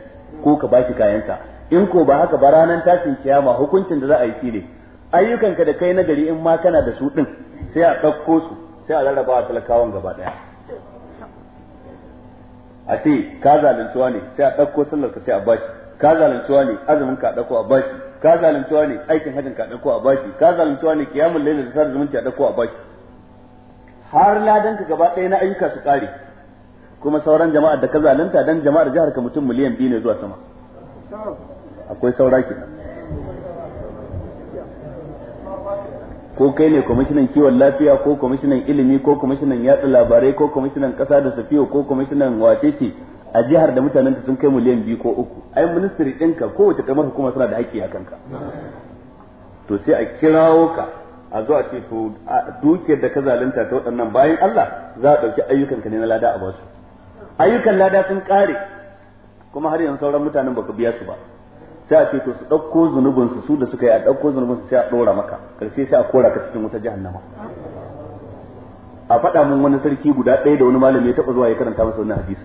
ko ka bashi kayansa in ko ba haka ba ranar tashin kiyama hukuncin da za a yi ayyukan ka da kai na gari in ma kana da su din sai a dauko su sai a rarraba a talakawan gaba daya a ce ka zalunciwa ne sai a ɗauko sallar ka sai a bashi ka zalunciwa ne azumin ka ɗauko a bashi ka zalimtuwa ne aikin hajjin ka dauko a bashi ka zalimtuwa ne kiyamul layl da sar zumunci a dauko a bashi har ladan ka gaba ɗaya na ayyuka su kare kuma sauran jama'ar da ka zalunta dan jama'ar jihar ka mutum miliyan biyu ne zuwa sama akwai saura ko kai ne kwamishinan kiwon lafiya ko kwamishinan ilimi ko kwamishinan yatsa labarai ko kwamishinan kasa da safiyo ko kwamishinan wacece a jihar da mutanen ta sun kai miliyan biyu ko uku ai ministry ɗinka kowace kamar hukuma suna da haƙƙi a kanka to sai a kirawo ka a zo a ce to dukiyar da ka zalunta ta waɗannan bayan Allah za a ɗauki ayyukanka ne na lada a basu ayyukan lada sun ƙare kuma har yanzu sauran mutanen baka biya su ba sai a ce to su ɗauko zunubin su da suka yi a ɗauko su sai a ɗora maka ƙarshe sai a kora ka cikin wuta jahannama a faɗa mun wani sarki guda ɗaya da wani malami ya taɓa zuwa ya karanta masa wannan hadisi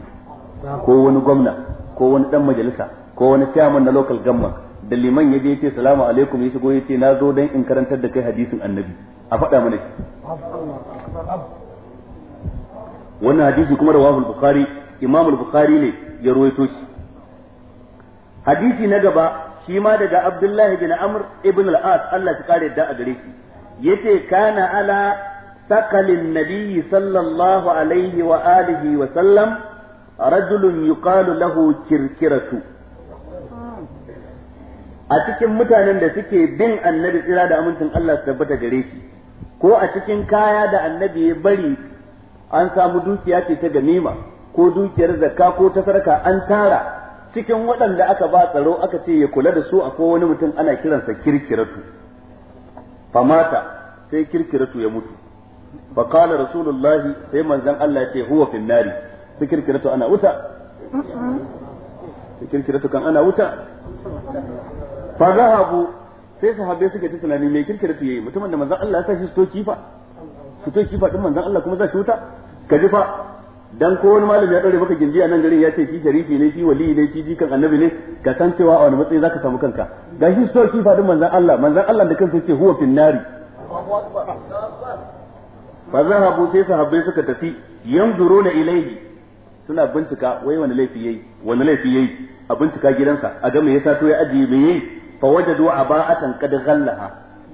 ko wani gwamna ko wani dan majalisa ko wani chairman na local government da liman ya je ya ce salamu alaikum ya shigo ya ce na zo dan in karantar da kai hadisin annabi a faɗa mana shi wannan hadisi kuma rawahu al-bukhari imam al-bukhari ne ya ruwaito shi hadisi na gaba shi ma daga abdullahi bin amr ibn al-as Allah ya kare da a gare shi yace kana ala sakalin nabiyyi sallallahu alaihi wa alihi wa sallam rajulun yuqalu lahu kirkiratu a cikin mutanen da suke bin annabi tsira da amincin Allah su tabbata gare shi ko a cikin kaya da annabi ya bari an samu dukiya ce ta ganima ko dukiyar zakka ko ta sarka an tara cikin waɗanda aka ba tsaro aka ce ya kula da su akwai wani mutum ana kiransa kirkiratu famata sai kirkiratu ya mutu fa rasulullahi sai manzon Allah ya ce huwa finnari su kirkiratu ana wuta su kan ana wuta fa zahabu sai sahabbai suke ta tunani mai kirkiratu yayi mutumin da manzon Allah ya sa shi su kifa su to kifa din manzon Allah kuma za shi wuta ka ji fa dan ko wani malami ya dore maka gindi a nan garin ya ce shi sharifi ne shi wali ne shi jikan annabi ne ka san cewa a wani matsayi zaka samu kanka gashi su to kifa din manzon Allah manzon Allah da kansa ce huwa finnari. nari fa zahabu sai sahabbai suka tafi yanzuruna ilaihi. suna bincika wai wani laifi yayi wani laifi yayi a bincika gidansa a ga me yasa to ya ajiye me yayi fa wajadu aba'atan qad ghallaha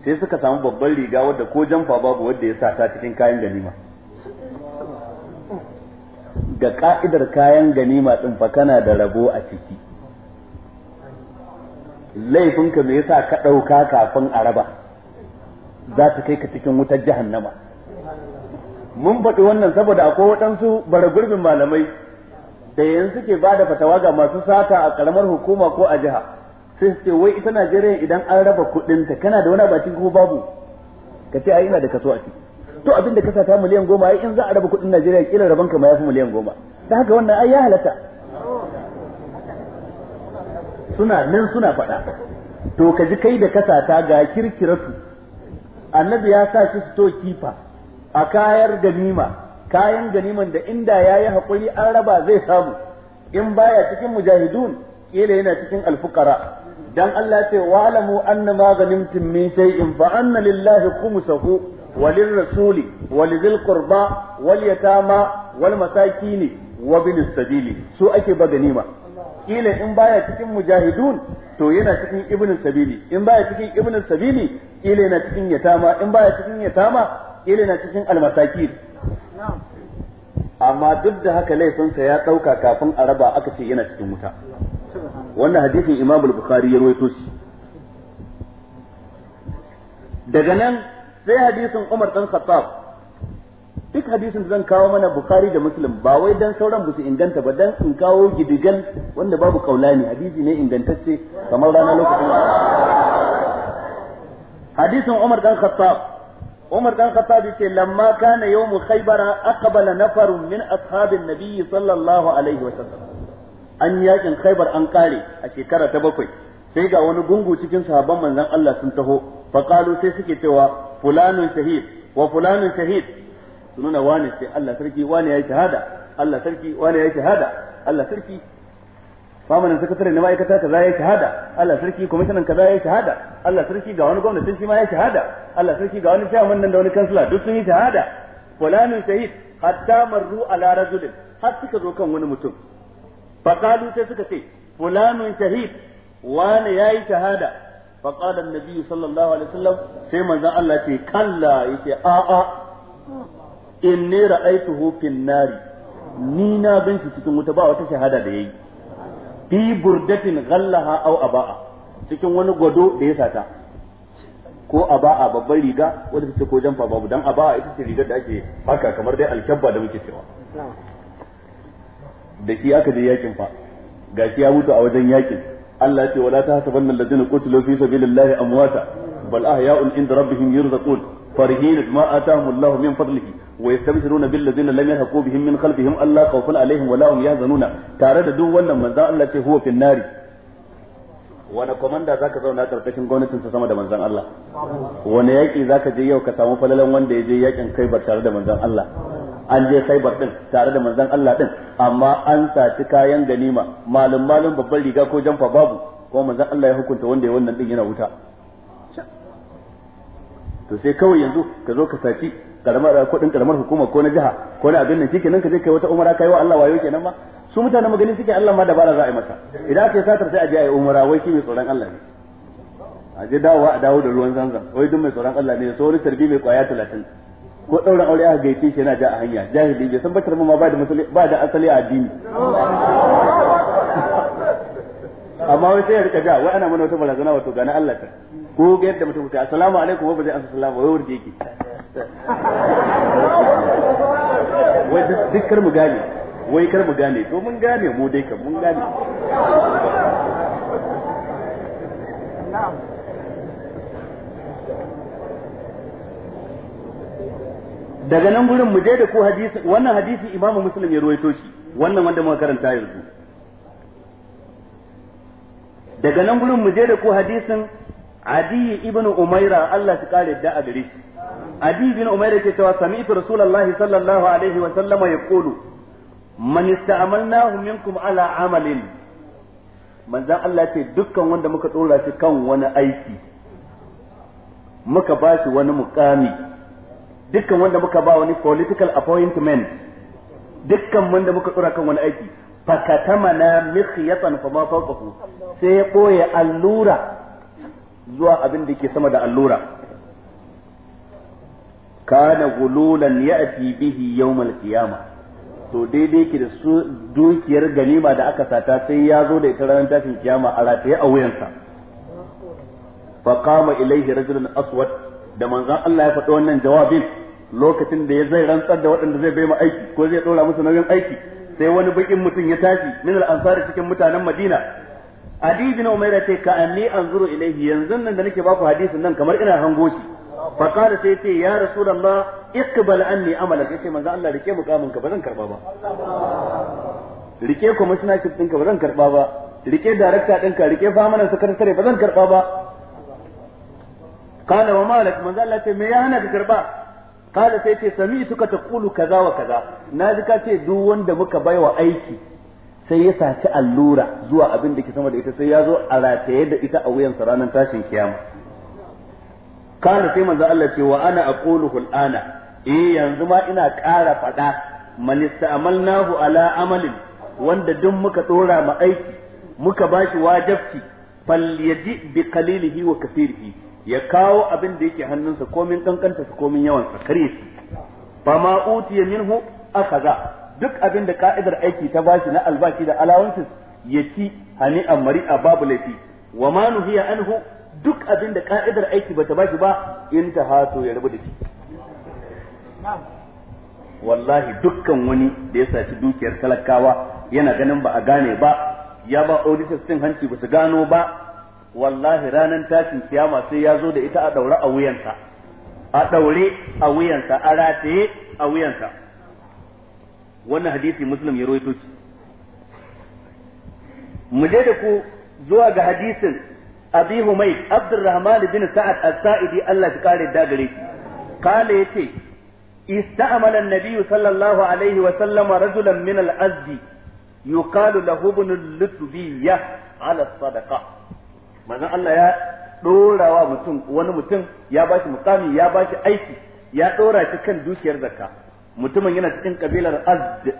sai suka samu babban riga wadda ko jamfa babu wadda ya sa ta cikin kayan ganima ga ka'idar kayan ganima din fa kana da rabo a ciki laifinka me yasa ka ɗauka kafin a raba za ta kai ka cikin wutar jahannama mun faɗi wannan saboda akwai waɗansu bara gurbin malamai da yanzu suke ba da fatawa ga masu sata a ƙaramar hukuma ko a jiha sai su ce wai ita Najeriya idan an raba kuɗinta kana da wani bacin ko babu ka ce ai ina da kaso a ciki to abin da ka sata miliyan goma ai in za a raba kuɗin Najeriya kila raban ka ma yafi miliyan goma ta haka wannan ai ya halatta suna nan suna faɗa to ka ji kai da kasata ga kirkiratu annabi ya sa shi su to kifa a kayar ganima kayan ganiman da inda ya yi hakuri an raba zai samu in baya cikin mujahidun kila yana cikin alfukara dan Allah ce wa'lamu anna ma ghanimtum min shay'in fa anna lillahi khumsahu wal ولذي القربى واليتامى والمساكين وابن السبيل سو ake ba ganima kila in baya cikin mujahidun to yana cikin ibn sabili in baya cikin ibn sabili kila yana cikin yatama in baya cikin yatama ilin na cikin almasaki amma duk da haka laifinsa ya ɗauka kafin a raba aka ce yana cikin wuta wannan hadisin imam bukhari ya rawaito shi daga nan sai hadisin umar dan khattab duk hadisin zan kawo mana bukhari da muslim ba wai dan sauran ba su inganta ba dan in kawo gidigan wanda babu kaulani hadisi ne ingantacce kamar rana lokacin hadisin umar dan khattab Umar kan Khattab ce lamma kana yawmu Khaybar aqbala nafarun min ashabin Nabi sallallahu alaihi wasallam an yakin Khaybar an kare a shekara ta bakwai sai ga wani gungu cikin sahabban manzon Allah sun taho fa qalu sai suke cewa fulanun shahid wa fulanun shahid sununa wani sai Allah sarki wani yayi shahada Allah sarki wani Allah sarki famanin sakatare na ma'aikata kaza ya shahada Allah sarki kwamishinan kaza ya shahada Allah sarki ga wani gwamnatin shi ma ya shahada Allah sarki ga wani chairman nan da wani kansila duk sun yi shahada fulanin shahid hatta marru ala rajulin har suka zo kan wani mutum faqalu sai suka ce fulani shahid wani yayi shahada فقال النبي صلى الله عليه sai سيما Allah ce kalla كلا يتي آآ آآ إني رأيته في ni na gan shi cikin wuta ba wata shahada da yayi bi burdatin ghallaha aw aba'a cikin wani gado da ya sata ko aba'a babban riga wanda take ko jamfa babu dan aba'a ita ce rigar da ake haka kamar dai alkabba da muke cewa da shi aka je yakin fa gashi ya mutu a wajen yakin Allah ya ce wala ta tahsabanna alladhina qutilu fi sabilillahi amwata bal ahya'un inda rabbihim yurzaqun farihin bima atahum min fadlihi ويستبشرون بالذين لم يلحقوا بهم من خلفهم الا خوف عليهم ولا هم يحزنون tare da duk wannan manzon Allah ce huwa nari wani komanda zaka zauna karkashin gwamnatin sa sama da manzon Allah wani yaki zaka je yau ka samu falalan wanda ya je yakin Khaibar tare da manzon Allah an je Khaibar din tare da manzon Allah din amma an saci kayan ganima malum malum babban riga ko jamfa babu ko manzon Allah ya hukunta wanda ya wannan din yana wuta to sai kawai yanzu ka zo ka saci karamar kudin karamar hukuma ko na jiha ko na abin nan shike nan ka je kai wata umara kai wa Allah wayo kenan ma su mutane magani suke Allah ma dabara za a yi masa idan aka yi satar sai a je a yi umara wai shi mai tsoron Allah ne a je dawowa a dawo da ruwan zanzan wai duk mai tsoron Allah ne so wani tarbi mai kwaya talatin ko daura aure aka gaice shi yana ja a hanya jahili bai san batar ma ba da ba da asali a addini amma wai sai ya rika ja wai ana mana wata barazana wato na Allah ta ko ga yadda mutum ya assalamu alaikum wa ba zai an assalamu wai wurde yake wai duk kar mu gane wai kar mu gane to mun gane mu dai kan mun gane daga nan gurin mu je da ku hadisi wannan hadisi imamu muslim ya ruwaito shi wannan wanda muka karanta yanzu daga nan gurin mu je da ku hadisin adi ibn umaira Allah ya kare da a gare shi adi bin Umar yake cewa sami'tu rasulullahi sallallahu alaihi wa sallama ya yaqulu man ista'malnahu minkum ala amalin manzon Allah ce dukkan wanda muka dora shi kan wani aiki muka ba shi wani mukami dukkan wanda muka ba wani political appointment dukkan wanda muka dora kan wani aiki fakatamana mikhyatan fa ma fawqahu sai ya boye allura zuwa abin da ke sama da allura kana gululan ya'ti bihi yawmal qiyamah to daidai ki da su dukiyar ganima da aka sata sai ya zo da ita ranar tashin kiyama a rataye a wuyansa fa qama ilaihi rajulun aswad da manzan Allah ya faɗi wannan jawabin lokacin da ya zai rantsar da waɗanda zai bai mu aiki ko zai ɗora musu nauyin aiki sai wani bakin mutum ya tashi min al-ansar cikin mutanen Madina Adi bin Umaira ce ka anni anzuru ilaihi yanzu nan da nake baku hadisin nan kamar ina hango shi fa qala sai ce ya rasu an ne Amala amalak ce manzo Allah rike mukamin ka zan karba ba rike commissionership ɗinka zan karba ba rike director ɗinka rike famanan ba zan karba ba Kada wa malak manzo Allah ce me ya hana ka karba qala sai ce sami'tuka taqulu kaza wa kaza naji ka ce duk wanda muka baiwa aiki sai ya saci allura zuwa abin da ke sama da ita sai ya zo a rataye da ita a wuyansa ranar tashin kiyama kana sai manzo Allah ce wa ana aquluhu al'ana eh yanzu ma ina ƙara faɗa man ista'malnahu ala amalin wanda duk muka dora ma aiki muka bashi Fal falyaji bi qalilihi wa kathirihi ya kawo abin da yake hannunsa komin kankanta su komin yawan sa kare shi fa ma utiya minhu akaza duk abin da ka'idar aiki ta bashi na albashi da allowances ya ci hani'an mari'a babu laifi wa ma nuhiya anhu duk abin da ka'idar aiki bata bashi ba in ta hato ya rabu da shi wallahi dukkan wani da ya saci dukiyar talakawa yana ganin ba a gane ba ya ba auditors cin hanci ba su gano ba wallahi ranar tashin kiyama sai ya zo da ita a daure a wuyansa a daure a wuyansa a rataye a wuyansa wannan hadisi muslim ya rawaito mu je da ku zuwa ga hadisin abi humayd abdurrahman bin sa'ad as-sa'idi Allah ya kare da gare kale yace استعمل النبي صلى الله عليه وسلم رجلا من الأزد يقال له ابن اللتبية على الصدقة Allah ya dora wa mutum wani mutum ya bashi mukami ya bashi aiki ya dora shi kan dukiyar zakka mutumin yana cikin kabilar azd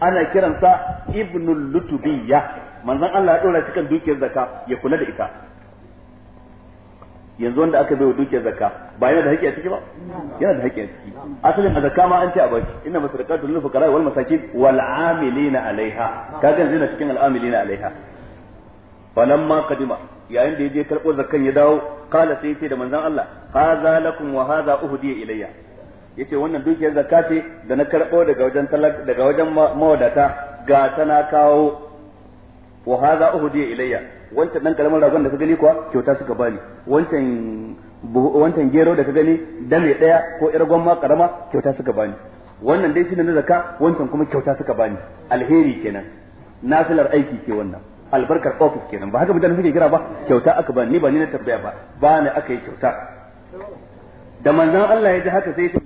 ana kiransa ibnul lutubiyya manzon Allah ya dora shi kan dukiyar zakka ya kula da ita yanzu wanda aka bai wa dukiyar zakka ba yana da haƙƙi a ciki ba yana da haƙƙi a ciki asalin a zakka ma an ce a bashi inna masadaqatu lil fuqara wal masakin wal amilina alaiha kaga yanzu yana cikin al amilina alaiha falamma kadima yayin da yaje karbo zakkan ya dawo kala sai yace da manzon Allah hadha lakum wa hadha diya ilayya yace wannan dukiyar zakka ce da na karbo daga wajen daga wajen mawadata ga ta na kawo wa hadha diya ilayya wancan dan karamin ragon da ka gani kuwa kyauta suka bani wancan wancan gero da ka gani dame daya ko yar gwamma karama kyauta suka bani wannan dai shine na zakka wancan kuma kyauta suka bani alheri kenan nafilar aiki ke wannan albarkar ofis kenan ba haka mutane suke kira ba kyauta aka bani ni ba ni na tambaya ba ba ne aka yi kyauta da manzon Allah ya ji haka sai ya ce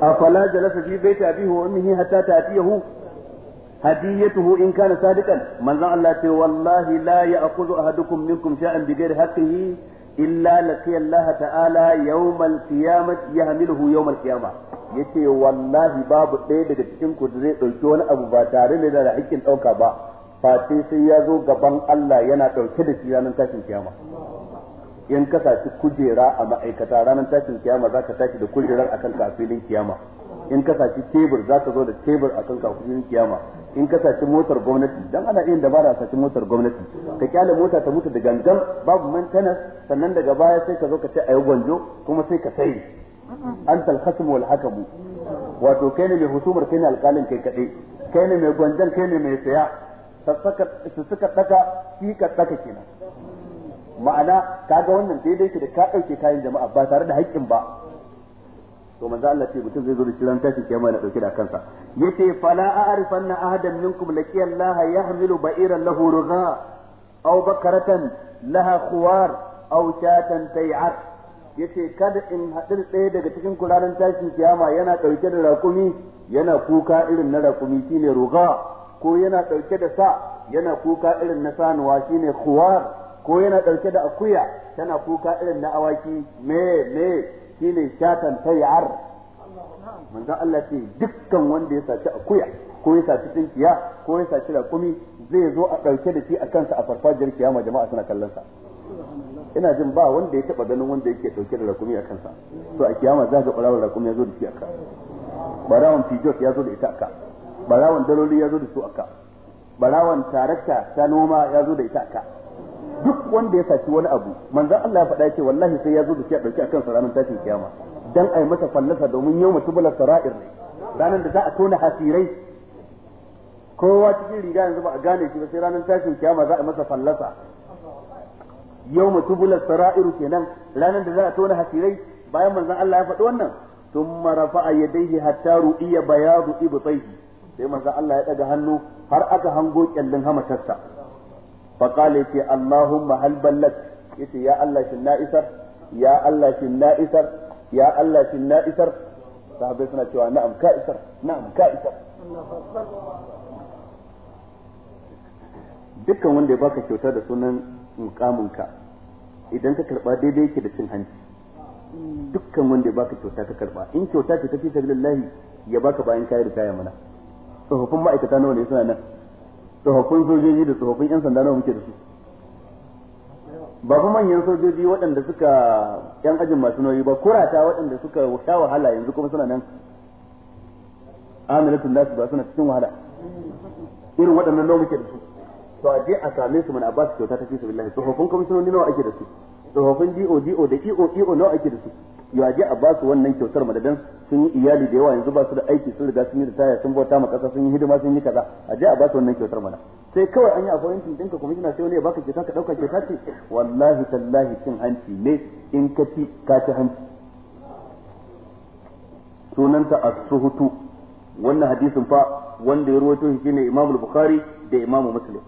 afala jalasa fi baiti abihi wa ummihi hatta ta'tiyahu hadiyatuhu in kana sadiqan manzon Allah ce wallahi la ya'khudhu ahadukum minkum sha'an bighairi haqqihi illa laqiya Allah ta'ala yawmal qiyamati yahmiluhu yawmal qiyamah yace wallahi babu ɗaya daga cikin ku zai dauki wani abu ba tare da da hakkin dauka ba face sai ya zo gaban Allah yana dauke da shi ranar tashin kiyama in ka saci kujera a ma'aikata ranar tashin kiyama zaka tashi da kujerar akan kafilin kiyama in ka saci tebur za ka zo da tebur a kan kafin kiyama in ka saci motar gwamnati dan ana iya dabara a saci motar gwamnati ka kyale mota ta mutu da gangan babu maintenance sannan daga baya sai ka zo ka ce ayi gwanjo kuma sai ka sai anta al-khasm wal hakamu wato kai ne mai husumar kai ne alƙalin kai kaɗai kai ne mai gwanjan kai ne mai saya su suka ɗaka shi ka ɗaka kenan ma'ana kaga wannan daidai ki da ka ɗauke kayan jama'a ba tare da haƙƙin ba to manzo Allah ce mutum zai zo da shi ran tashi kiyama na dauke da kansa yace fala a'rifanna ahadan minkum laqiya Allah yahmilu ba'iran lahu rugha aw bakaratan laha khuwar aw shatan tay'at yace kada in hadir ɗaya daga cikin kuranan tashin kiyama yana dauke da rakumi yana kuka irin na rakumi shine rugha ko yana dauke da sa yana kuka irin na sanuwa shine khuwar ko yana dauke da akuya tana kuka irin na awaki me me shine shatan tayar manzo Allah ce dukkan wanda ya saci akuya ko ya saci tsinkiya ko ya saci raƙumi zai zo a ɗauke da shi a kansa a farfajiyar kiyama jama'a suna kallon sa ina jin ba wanda ya taba ganin wanda yake dauke da rakumi a kansa to a kiyama za ga ɓarawon rakumi ya zo da shi aka ɓarawon pijot ya zo da ita aka ɓarawon daloli ya zo da su aka ɓarawon tarakta ta noma ya zo da ita aka duk wanda ya saci wani abu manzon Allah ya faɗa ce wallahi sai ya zo da shi a dauki akan sa ranar tashin kiyama dan ai masa fallasa domin yau mutubula sara'ir ne ranar da za a tona hasirai kowa cikin riga yanzu ba a gane shi ba sai ranar tashin kiyama za a masa fallasa yau mutubula sara'ir kenan ranar da za a tona hasirai bayan manzon Allah ya faɗi wannan thumma rafa'a yadayhi hatta ru'iya bayadu ibtayhi sai manzon Allah ya daga hannu har aka hango kyallin hamatarsa fa qala yace allahumma hal ballat yace ya allah shin na isar ya allah shin na isar ya allah shin na isar sahabbai suna cewa na'am ka isar na'am ka isar dukkan wanda ya baka kyauta da sunan mukaminka idan ka karba daidai yake da cin hanci dukkan wanda ya baka kyauta ka karba in kyauta ce ta fi sabilillahi ya baka bayan kayan da kaya mana tsofaffin ma'aikata nawa ne suna nan tsofaffin sojoji da tsofaffin yan sanda nawa muke da su ba fa manyan sojoji waɗanda suka yan ajin masu nauyi ba kurata waɗanda suka sha wahala yanzu kuma suna nan amilatun nasu ba suna cikin wahala irin waɗannan nawa muke da su to a je a same su mana abbas kyauta ta fi su billahi tsofaffin kwamishinoni nawa ake da su tsofaffin do do da eo eo nawa ake da su ya ji a ba su wannan kyautar madadin sun yi iyali da yawa yanzu ba su da aiki sun riga sun yi ritaya sun bauta ma kasa sun yi hidima sun yi kaza a je a ba su wannan kyautar mana sai kawai an yi appointment dinka kuma kina sai wani ya baka kyauta ka dauka kyauta ce wallahi tallahi cin hanci ne in ka ci ka ci hanci sunanta as-suhutu wannan hadisin fa wanda ya rawaito shi ne Imam Bukhari da Imam Muslim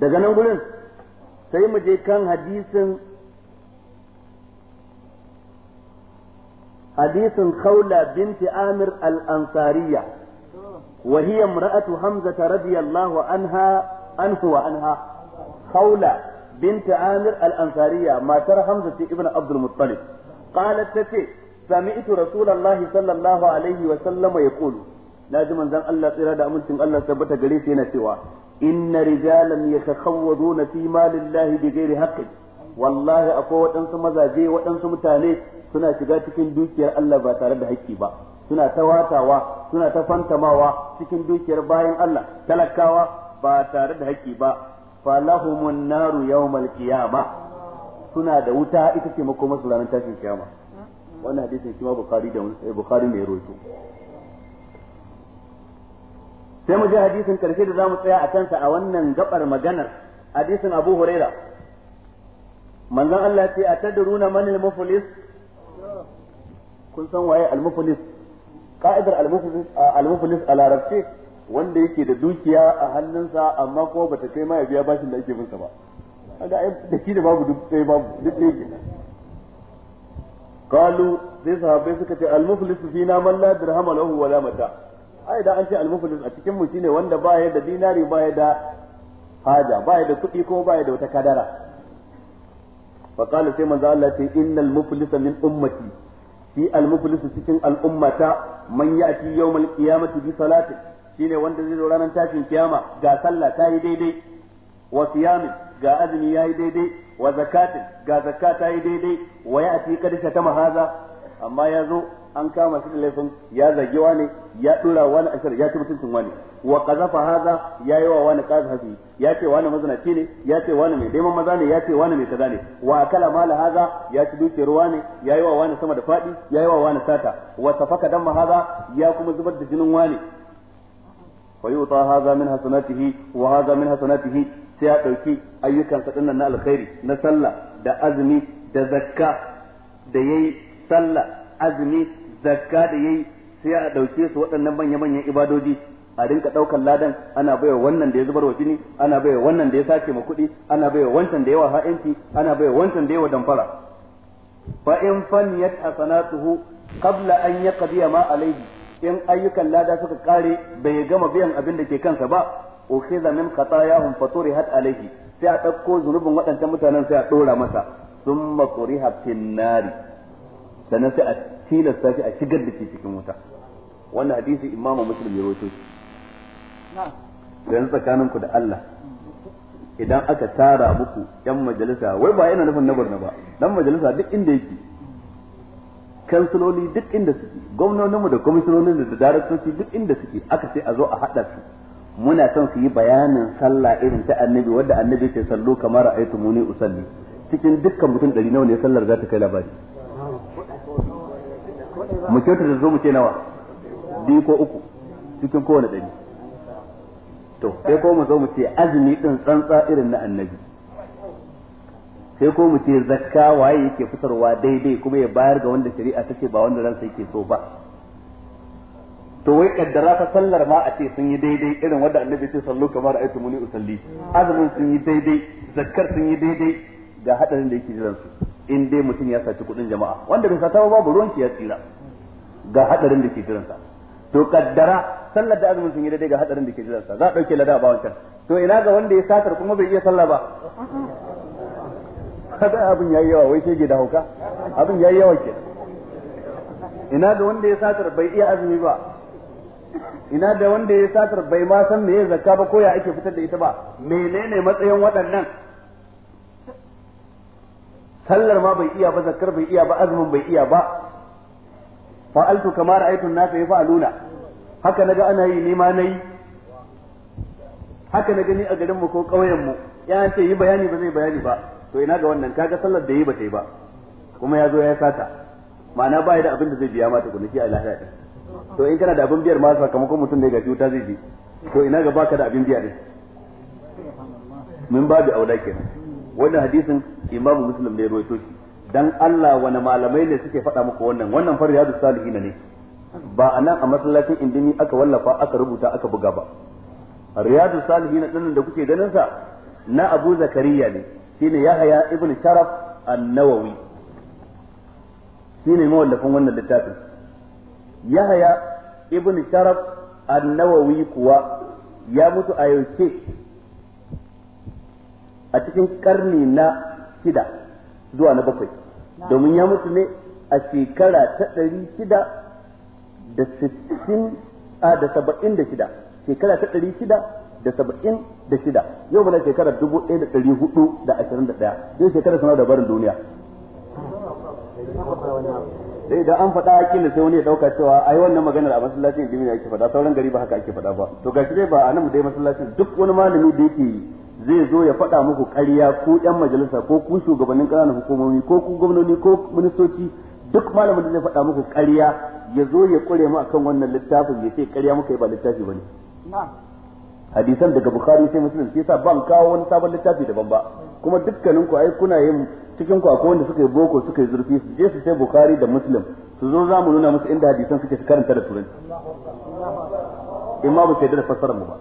daga nan gurin sai mu je kan hadisin hadisin khawla binti amir al-ansariya wa hiya imra'atu hamza radiyallahu anha anhu anha khawla binti amir al-ansariya matar hamza ce ibnu abdul muttalib qalat tace sami'tu rasulullahi sallallahu alaihi wa sallama yaqulu na ji manzon Allah tsira da amincin Allah tabbata gare shi yana cewa إن رجالا يتخوضون في مال الله بغير حق والله أكو وأنس مزاجي وأنس mutane سنة shiga دوكي ألا باتارد حكي با suna ta watawa suna ta fantamawa cikin dukiyar bayan Allah talakawa ba tare da haƙƙi ba falahumun naru yawmal qiyama suna da wuta ita ce makomar su ranar tashin kiyama da ne sai mu ji hadisin karshe da zamu tsaya a kansa a wannan gabar maganar hadisin Abu Huraira manzon Allah ya ce atadruna man al-muflis kun san waye al-muflis ka'idar al-muflis al-muflis a larabci wanda yake da dukiya a hannunsa amma ko bata kai ma ya biya bashin da ake binsa ba kaga da shi da babu duk sai babu duk ne kenan kalu sai sahabbai suka ce al-muflis fina man la dirhama lahu wala mata' ai da an ce al-muflis a cikin mu shine wanda baya da dinari baya da haja baya da kuɗi kuma baya da wata kadara fa qala sai manzo Allah ce innal muflisa min ummati fi al-muflis cikin al-ummata man ya'ti yawmal qiyamati bi salati shine wanda zai zo ranar tashin kiyama ga sallah ta yi daidai wa siyamin ga azumi yayi daidai wa zakatin ga zakata yi daidai wa ya'ti qad shatama haza amma ya zo an kama shi da laifin ya zagi wani ya dura wani ashar ya ci mutuncin wani wa qazafa hadha ya yi wa wani qazafi ya ce wani mazanaci ne ya ce wani mai daiman maza ne ya ce wani mai kaza ne wa akala mala hadha ya ci dukiyar wani ya yi wa wani sama da fadi ya yi wa wani sata wa tafaka damma hadha ya kuma zubar da jinin wani fa yuta hadha min hasanatihi wa hadha min hasanatihi sai ya dauki ayyukan sa dinnan na alkhairi na sallah da azumi da zakka da yayi sallah azumi zakka da yayi sai a dauke su waɗannan manya-manyan ibadoji a rinka ɗaukar ladan ana baiwa wannan da ya zubar wa jini ana baiwa wannan da ya sace ma kuɗi ana baiwa wancan da yawa ha'inci ana baiwa wancan da yawa damfara fa in faniyat hasanatuhu qabla an yaqdiya ma alayhi in ayyukan lada suka kare bai gama biyan abin da ke kansa ba ukhiza min khatayahum faturihat alayhi sai a ɗauko zunubin waɗancan mutanen sai a ɗora masa thumma turiha fin nari sannan sai a tilasta shi a shigar da ke cikin wuta wannan hadisi imamu muslim ya rawaito shi yanzu tsakanin ku da Allah idan aka tara muku yan majalisa wai ba yana nufin na ba dan majalisa duk inda yake kansuloli duk inda suke gwamnoninmu da kwamishinonin da daraktoci duk inda suke aka ce a zo a haɗa su muna son su yi bayanin sallah irin ta annabi wadda annabi ce sallo kamar yi tumuni usalli cikin dukkan mutum ɗari nawa ne sallar za ta kai labari mu kyautata zo mu ce nawa biyu ko uku cikin kowane ɗari to sai ko mu zo mu ce azumi din tsantsa irin na annabi sai ko mu ce zakka waye yake fitarwa daidai kuma ya bayar ga wanda shari'a ta ce ba wanda ransa yake so ba to wai kaddara ta sallar ma a ce sun yi daidai irin wanda annabi ce sallu kamar aitu muni usalli azumin sun yi daidai zakkar sun yi daidai ga hadarin da yake jiransu in dai mutum ya saci kudin jama'a wanda bai sata ba babu ruwan ki ya tsira ga hadarin da ke jiransa to kaddara sallar da azumin sun yi daidai ga hadarin da ke jiransa za a dauke lada ba wancan to ina ga wanda ya satar kuma bai iya sallah ba kada abin yayi yawa wai shege da hauka abin yayi yawa ke ina ga wanda ya satar bai iya azumi ba ina da wanda ya satar bai ma san meye zakka ba ko ya ake fitar da ita ba menene matsayin waɗannan sallar ma bai iya ba zakkar bai iya ba azumin bai iya ba fa'altu kama ra'aytu an-nas yaf'aluna haka naga ana yi ni ma nayi haka na gani a garin mu ko ƙauyen mu ya ce yi bayani ba zai bayani ba to ina ga wannan kaga sallar da yi ba tai ba kuma ya zo ya sata ma'ana ba da abin da zai biya mata gunki a lahira din to in kana da abin biyar ma sakamakon mutum da ya gaji wuta zai bi to ina ga baka da abin biya din min babu aula kenan wannan hadisin imamu muslim ne ya rawaito shi dan Allah wani malamai ne suke faɗa muku wannan wannan fa salihin ne ba a nan a masallacin indimi aka wallafa aka rubuta aka buga ba riyadu salihin din da kuke ganin sa na Abu Zakariya ne shine Yahya ibn Sharaf an-Nawawi shine mawallafin wannan littafin Yahya ibn Sharaf an-Nawawi kuwa ya mutu a yauke a cikin karni na shida zuwa na bakwai domin ya mutu ne a shekara ta ɗari shida da sittin a da saba'in da shida shekara ta ɗari shida da saba'in da shida yau bana shekarar dubu ɗaya da ɗari hudu da ashirin da ɗaya yau shekarar sanar da barin duniya sai idan an faɗa da sai wani ya ɗauka cewa yi wannan maganar a masallacin jimina ake faɗa sauran gari ba haka ake faɗa ba to gashi dai ba a nan mu dai masallacin duk wani malami da yake zai zo ya faɗa muku ƙarya ko ƴan majalisa ko ku shugabannin ƙananan hukumomi ko ku gwamnoni ko ministoci duk malamin da zai faɗa muku ƙarya ya zo ya ƙure mu akan wannan littafin ya ce ƙarya muka yi ba littafi ba ne. hadisan daga bukhari sai muslim sai yasa ban kawo wani sabon littafi daban ba kuma dukkanin ku ai kuna yin cikin ku akwai wanda suka yi boko suka yi zurfi su je su sai bukhari da muslim su zo za mu nuna musu inda hadisan suke su karanta da turanci imma ba sai da fassarar mu ba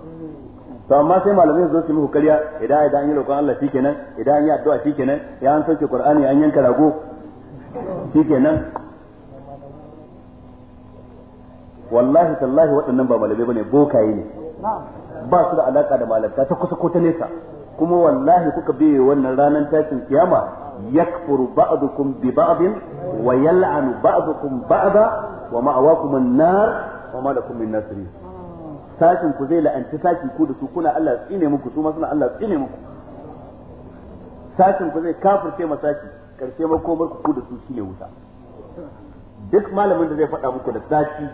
to amma sai malamai su zo su muku kariya idan idan an yi roƙon Allah shikenan idan an yi addu'a shikenan ya an sauke Qur'ani an yanka rago shikenan wallahi tallahi waɗannan ba malamai bane bokaye ne ba su da alaka da malamta ta kusa ko ta nesa kuma wallahi kuka biye wannan ranar tashin kiyama yakfuru ba'dukum bi ba'din wa yal'anu ba'dukum ba'da wa ma'awakum an-nar wa ma lakum min nasirin sashin ku zai la'anci sashi ku da su kuna Allah tsine muku su ma suna Allah tsine muku sashin ku zai kafirce ma sashi karshe makomar ku da su shine wuta duk malamin da zai faɗa muku da tsaci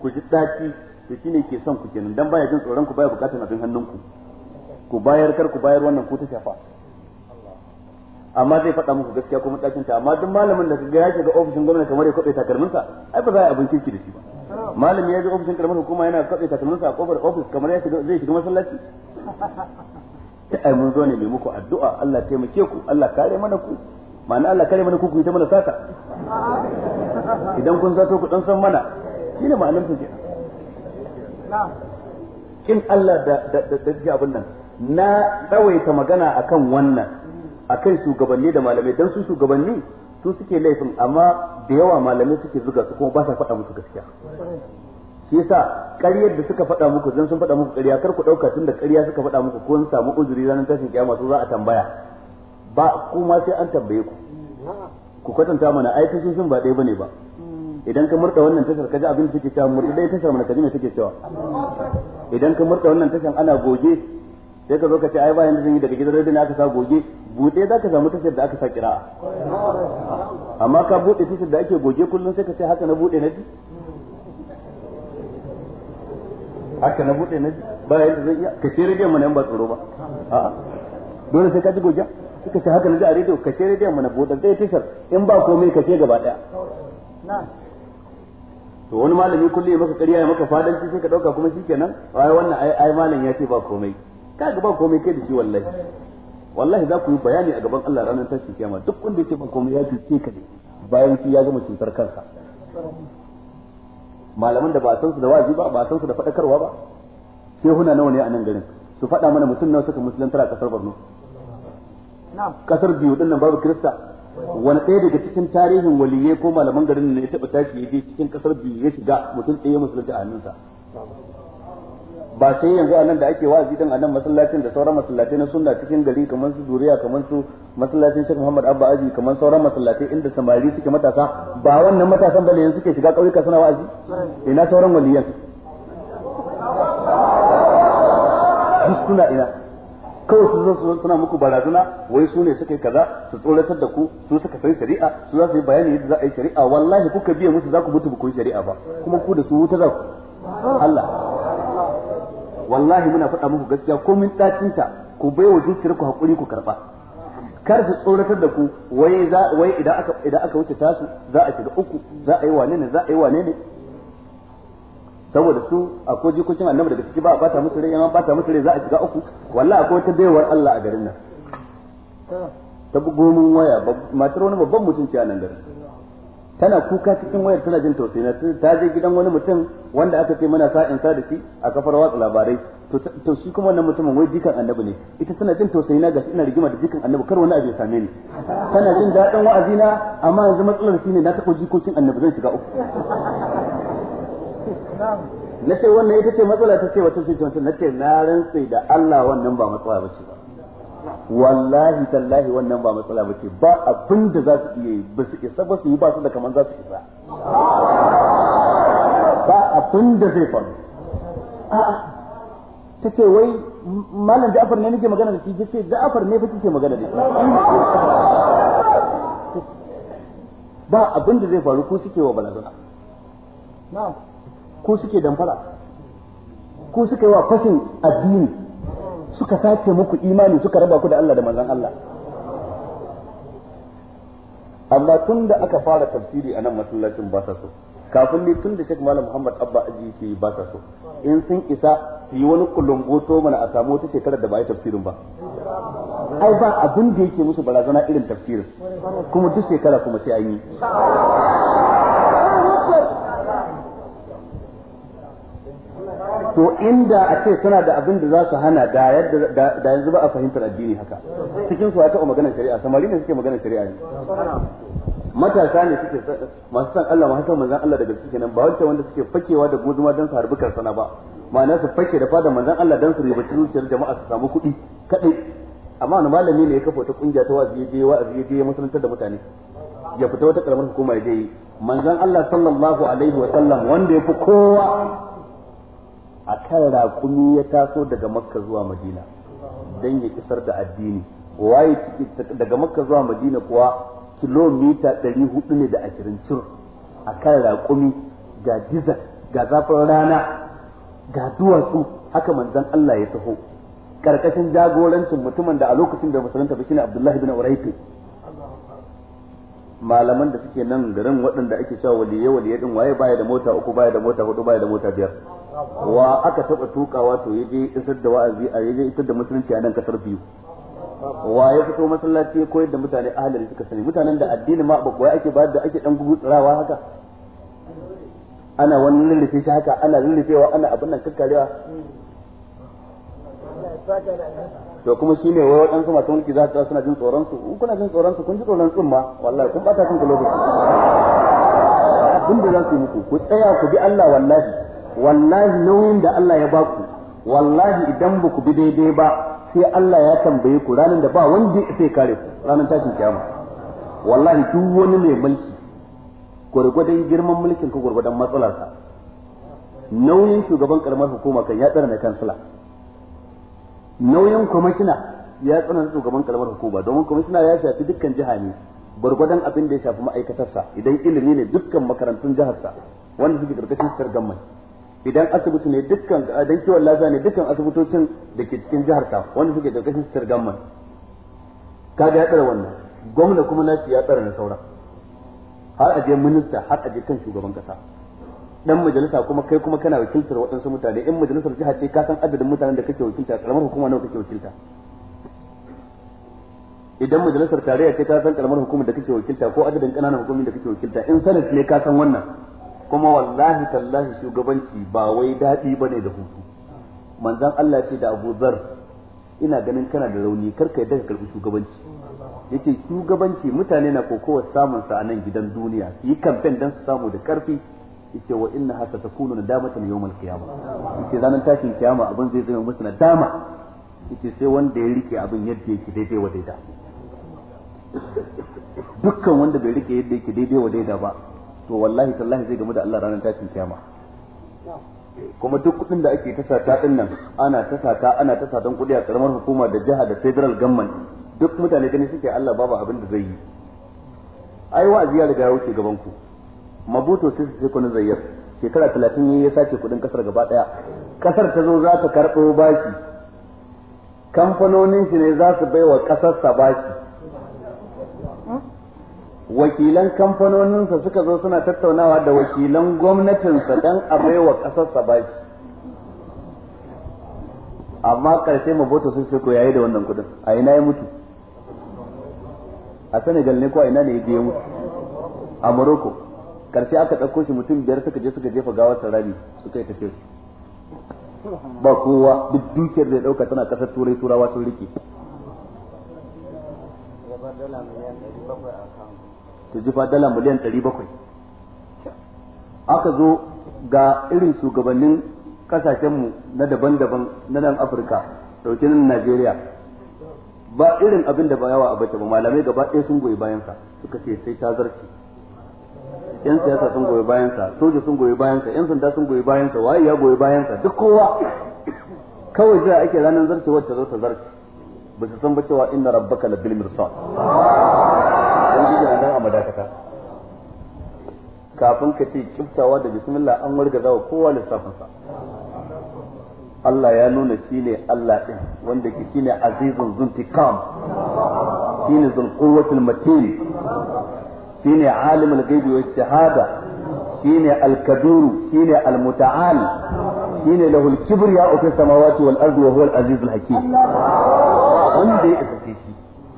ku ji tsaci to shine ke son ku kenan dan baya jin tsoron ku baya bukatun abin hannunku ku bayar kar ku bayar wannan ku ta shafa amma zai faɗa muku gaskiya kuma ɗakin ta amma duk malamin da ga ya shiga ofishin gwamnati kamar ya kwaɓe takalminsa ai ba za a yi abin kirki da shi ba Malam ya je ofishin karamar hukuma yana katse takalminsa a kofar ofis kamar ya zai shiga masallaci ta ai mun zo ne mai muku addu'a Allah taimake ku Allah kare mana ku ma'ana Allah kare mana ku ku yi ta mana sata idan kun zato ku dan san mana shine ma'anar su kenan kin Allah da da da abin nan na tsawaita magana akan wannan akan shugabanni da malamai dan su shugabanni su suke laifin amma da yawa malamai suke zuga su kuma ba sa faɗa musu gaskiya shi yasa ƙaryar da suka faɗa muku zan sun faɗa muku ƙarya kar ku ɗauka tun da ƙarya suka faɗa muku ko samu uzuri ranar tashin kiyama su za a tambaya ba kuma sai an tambaye ku ku kwatanta mana ai tashin sun ba ɗaya bane ba idan ka murta wannan tashar ka ji abin da suke cewa murta ɗaya tashar mana ka ji me suke cewa idan ka murta wannan tashar ana goge sai ka zo ka ce ai bayan da zan yi daga gidan radio ne aka sa goge bude za ka samu tashar da aka sa kira amma ka bude tashar da ake goge kullum sai ka ce haka na bude na ji haka na bude na ji bayan da zan iya ka ce radio mana yan ba tsoro ba dole sai ka ji goge ka ce haka na ji a rediyo ka ce rediyon mana buɗe ɗaya tashar in ba komai ka ce gaba daya to wani malami kullum ya maka ƙarya ya maka fadanci sai ka ɗauka kuma shi kenan ai wannan ai malam ya ce ba komai kaga ba komai kai da shi wallahi wallahi za ku yi bayani a gaban Allah ranar tashin kiyama duk wanda yake ba komai ya cuce ka ne bayan shi ya gama cutar kansa malaman da ba san su da wazi ba ba san su da fadakarwa ba sai huna nawa ne a nan garin su fada mana mutum nawa suka musulunta a kasar Borno kasar biyu dinnan babu Kirista wani ɗaya daga cikin tarihin waliyyai ko malaman garin ne ya taɓa tashi ya je cikin kasar biyu ya shiga mutum ɗaya musulunta a hannunsa ba sai yanzu anan da ake wa'azi din anan masallacin da sauran masallatai na sunna cikin gari kamar su zuriya kamar su masallacin Sheikh Muhammad Abba Aji kamar sauran masallatai inda samari suke matasa ba wannan matasan bane yanzu suke shiga kauyuka suna wa'azi ina sauran waliyan duk suna ina kawai su zo suna muku barazana wai su ne suka yi kaza su tsoratar da ku su suka san shari'a su za su yi bayani yadda za a yi shari'a wallahi kuka biya musu za ku mutu yi shari'a ba kuma ku da su wuta za ku Allah wallahi muna faɗa muku gaskiya komin ɗacinta ku bai wa zuciyar ku haƙuri ku karɓa kar su tsoratar da ku wai za wai idan aka idan aka wuce tasu za a shiga uku za a yi wane ne za a yi wane ne saboda su akwai jikokin annabi daga ciki ba a bata musu rai amma bata musu rai za a shiga uku wallahi akwai wata baiwar Allah a garin nan ta gomin waya matar wani babban mutunci a nan garin tana kuka cikin wayar tana jin tausayi ta je gidan wani mutum wanda aka ce mana sa in sa da shi a kafar watsa labarai to shi kuma wannan mutumin wai jikan annabi ne ita tana jin tausayi na gashi ina rigima da jikan annabi kar wani abu ya same ni tana jin daɗin wa'azi na amma yanzu matsalar shi ne na taɓa jikokin annabi zan shiga uku na ce wannan ita ce matsala ta ce wata ce na ce na rantsi da Allah wannan ba matsala ba ce wallahi tallahi wannan ba matsala bace ba abin da za su iya yi ba su isa ba su yi ba su da kaman za su isa ba abin da zai faru ta ce wai malam ja'far ne nake magana da shi ta ce ja'far ne fa ke magana da shi ba abin da zai faru ko suke wa balazana ko suke damfara ko suke wa fashin addini suka sace muku imani suka raba ku da Allah da manzon Allah amma tun da aka fara tafsiri a nan masallacin ba sa so kafin ne tun da Sheikh Malam Muhammad Abba Aji yake ba sa so in sun isa su yi wani kulumboto mana a samu wata shekara da ba a yi tafsirin ba ai ba abin da yake musu barazana irin tafsirin kuma duk shekara kuma sai an yi to inda a ce suna da abin da za su hana da yadda da yanzu ba a fahimtar addini haka cikin su aka maganar shari'a samari ne suke maganar shari'a ne matasa ne suke masu san Allah masu san manzon Allah daga suke nan ba wancan wanda suke fakewa da guduma dan su harbi karsana ba ma'ana su fake da fada manzon Allah dan su ribaci zuciyar jama'a su samu kuɗi kaɗai. amma wani malami ne ya kafa wata kungiya ta wa'azi je wa'azi je masalantar da mutane ya fita wata karamar hukuma ya je manzon Allah sallallahu alaihi wa sallam wanda ya fi kowa a kan raƙumi ya taso daga makka zuwa madina don ya kisar da addini waye daga makka zuwa madina kuwa kilomita hudu ne da ashirin cir a kan raƙumi ga dizar ga zafin rana ga duwatsu haka manzan Allah ya taho Ƙarƙashin jagorancin mutumin da a lokacin da musulunta fi shine Abdullahi bin Uraifi malaman da suke nan garin waɗanda ake cewa waliye waliye din waye baya da mota uku baya da mota hudu baya da mota biyar wa aka taba tukawa to yaje isar da wa'azi a yaje isar da musulunci a nan kasar biyu wa ya fito masallaci koyar da mutane ahalari suka sani mutanen da addini ma ba koyi ake ba da ake dan gugutsarawa haka ana wani lullufe shi haka ana lullufewa ana abin nan kakkarewa to kuma shine wai waɗansu masu mulki za su suna jin tsoron su in kuna jin tsoron su kun ji tsoron tsumma wallahi kun bata kanku lokaci abin da za su yi muku ku tsaya ku bi Allah wallahi wallahi nauyin da Allah ya baku wallahi idan ba ku bi daidai ba sai Allah ya tambaye ku ranar da ba wanda ya sai kare ku ranar tashin kiyama wallahi duk wani mai mulki gwargwadon girman mulkin ka gwargwadon matsalarsa nauyin shugaban karamar hukuma kan ya tsara na kansila nauyin kwamishina ya tsara na shugaban karamar hukuma domin kwamishina ya shafi dukkan jiha ne gwargwadon abin da ya shafi ma'aikatarsa idan ilimi ne dukkan makarantun jiharsa wanda suke karkashin sargan mai idan asibiti ne dukkan dan kiwon laza ne dukkan asibitocin da ke cikin jihar ta wanda suke karkashin sitar gamman kaga ya tsara wannan gwamna kuma nashi ya tsara na sauran har aje minista har aje kan shugaban kasa dan majalisa kuma kai kuma kana wakiltar waɗansu mutane in majalisar jiha ce ka san adadin mutanen da kake wakilta karamar hukuma nawa kake wakilta idan majalisar tarayya ce ka san karamar hukumar da kake wakilta ko adadin kananan hukumomin da kake wakilta in sanad ne ka san wannan kuma wallahi tallahi shugabanci ba wai daɗi bane da hutu manzon Allah ce da Abu Zar ina ganin kana da rauni karka yadda ka karbi shugabanci yace shugabanci mutane na kokowar samun sa a nan gidan duniya yi kamfen dan su samu da karfi yace wa inna hasa takunu nadamatan yawmal qiyamah yace zanen tashin kiyama abin zai zama musu nadama yace sai wanda ya rike abin yadda yake daidai wa daida dukkan wanda bai rike yadda yake daidai wa daida ba to wallahi tallahi zai gamu da Allah ranar tashin kiyama kuma duk kudin da ake tasa ta din nan ana tasa ta ana tasa don kudi a karamar hukuma da jiha da federal government duk mutane gani suke Allah babu abin da zai yi ai wa'azi ya riga ya wuce gaban ku mabuto sai su na zayyar shekara 30 ya sace kudin kasar gaba daya kasar ta zo za ta karbo bashi kamfanonin shi ne za su baiwa kasar sa bashi wakilan kamfanoninsa suka zo suna tattaunawa da wakilan gwamnatinsa don a baiwa ƙasarsa bashi amma ƙarshe maboto sun ko yayi da wannan kudin a ina ya mutu a senegal ne ko a ina ne ya je ya mutu a morocco ƙarshe aka ɗauko shi mutum biyar suka je suka jefa gawar sarari suka yi tafiya ba kowa duk dukiyar da ya ɗauka tana ƙasar turai turawa sun rike ta ji fa dala miliyan 700 aka zo ga irin shugabannin kasashenmu na daban-daban na nan Afirka dauke nan Najeriya ba irin abin da ba yawa a bace ba malamai gaba ɗaya sun goyi bayansa suka ce sai ta zarce yan siyasa sun goyi bayansa soja sun goyi bayansa yan sanda sun goyi bayansa waye ya goyi bayansa duk kowa kawai jira ake ranar zarce wacce zo ta zarce ba su san ba cewa inna rabbaka labil mirsad mu dakata kafin ka ce kiftawa da bismillah an wargaza wa kowa lissafin sa Allah ya nuna shi ne Allah ɗin wanda ke ne azizun zuntikam shi ne quwwatul matin shine alimul ghaibi was shahada shi ne al shi ne al-muta'al shine lahul kibriya fi samawati wal ardi wa huwa al-azizul hakim wanda ya isa shi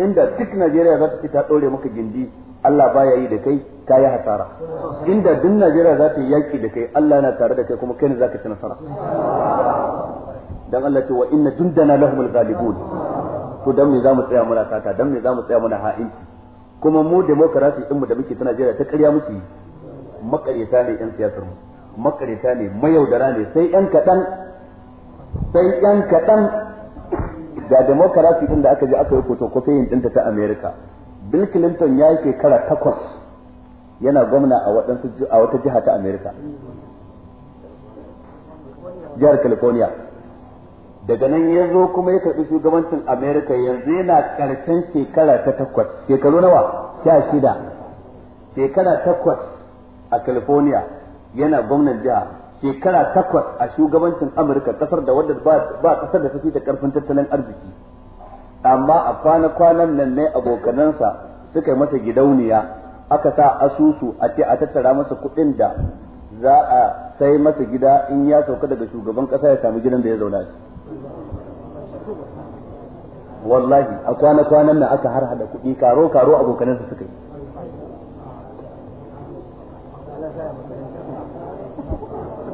inda duk Najeriya za ta ta ɗaure maka gindi Allah baya yi da kai ka yi hasara inda duk Najeriya za ta yi yaki da kai Allah yana tare da kai kuma kai ne za ka ci nasara dan Allah ce wa inna jundana lahumul ghalibun to dan me za mu tsaya muna sata dan me za mu tsaya muna ha'inci kuma mu demokarasi din mu da muke ta Najeriya ta ƙarya muke makareta ne yan siyasar mu makareta ne mayaudara ne sai yan kaɗan sai yan kaɗan ga demokarasi din da aka je aka yi fotokofiyin ɗinta ta Amerika Bill Clinton ya yi shekara takwas yana gwamna a wata jiha ta Amerika. Jihar California. Daga nan ya zo kuma ya karɓi shugabancin Amerika yanzu yana ƙarshen shekara ta takwas. Shekaru nawa? Sha shida. Shekara takwas a California yana gwamnan jiha. Shekara takwas a shugabancin Amurka ƙasar da wadda ba ƙasar da ta fi ta ƙarfin tattalin arziki. amma a kwana-kwanan nan ne abokanansa suka yi masa gidauniya aka sa asusu a ce a tattara masa kuɗin da za a sai masa gida in ya sauka daga shugaban ƙasa ya sami gidan da ya zauna shi wallahi a kwana-kwanan nan aka har hada kuɗi karo-karo abokanansa suka yi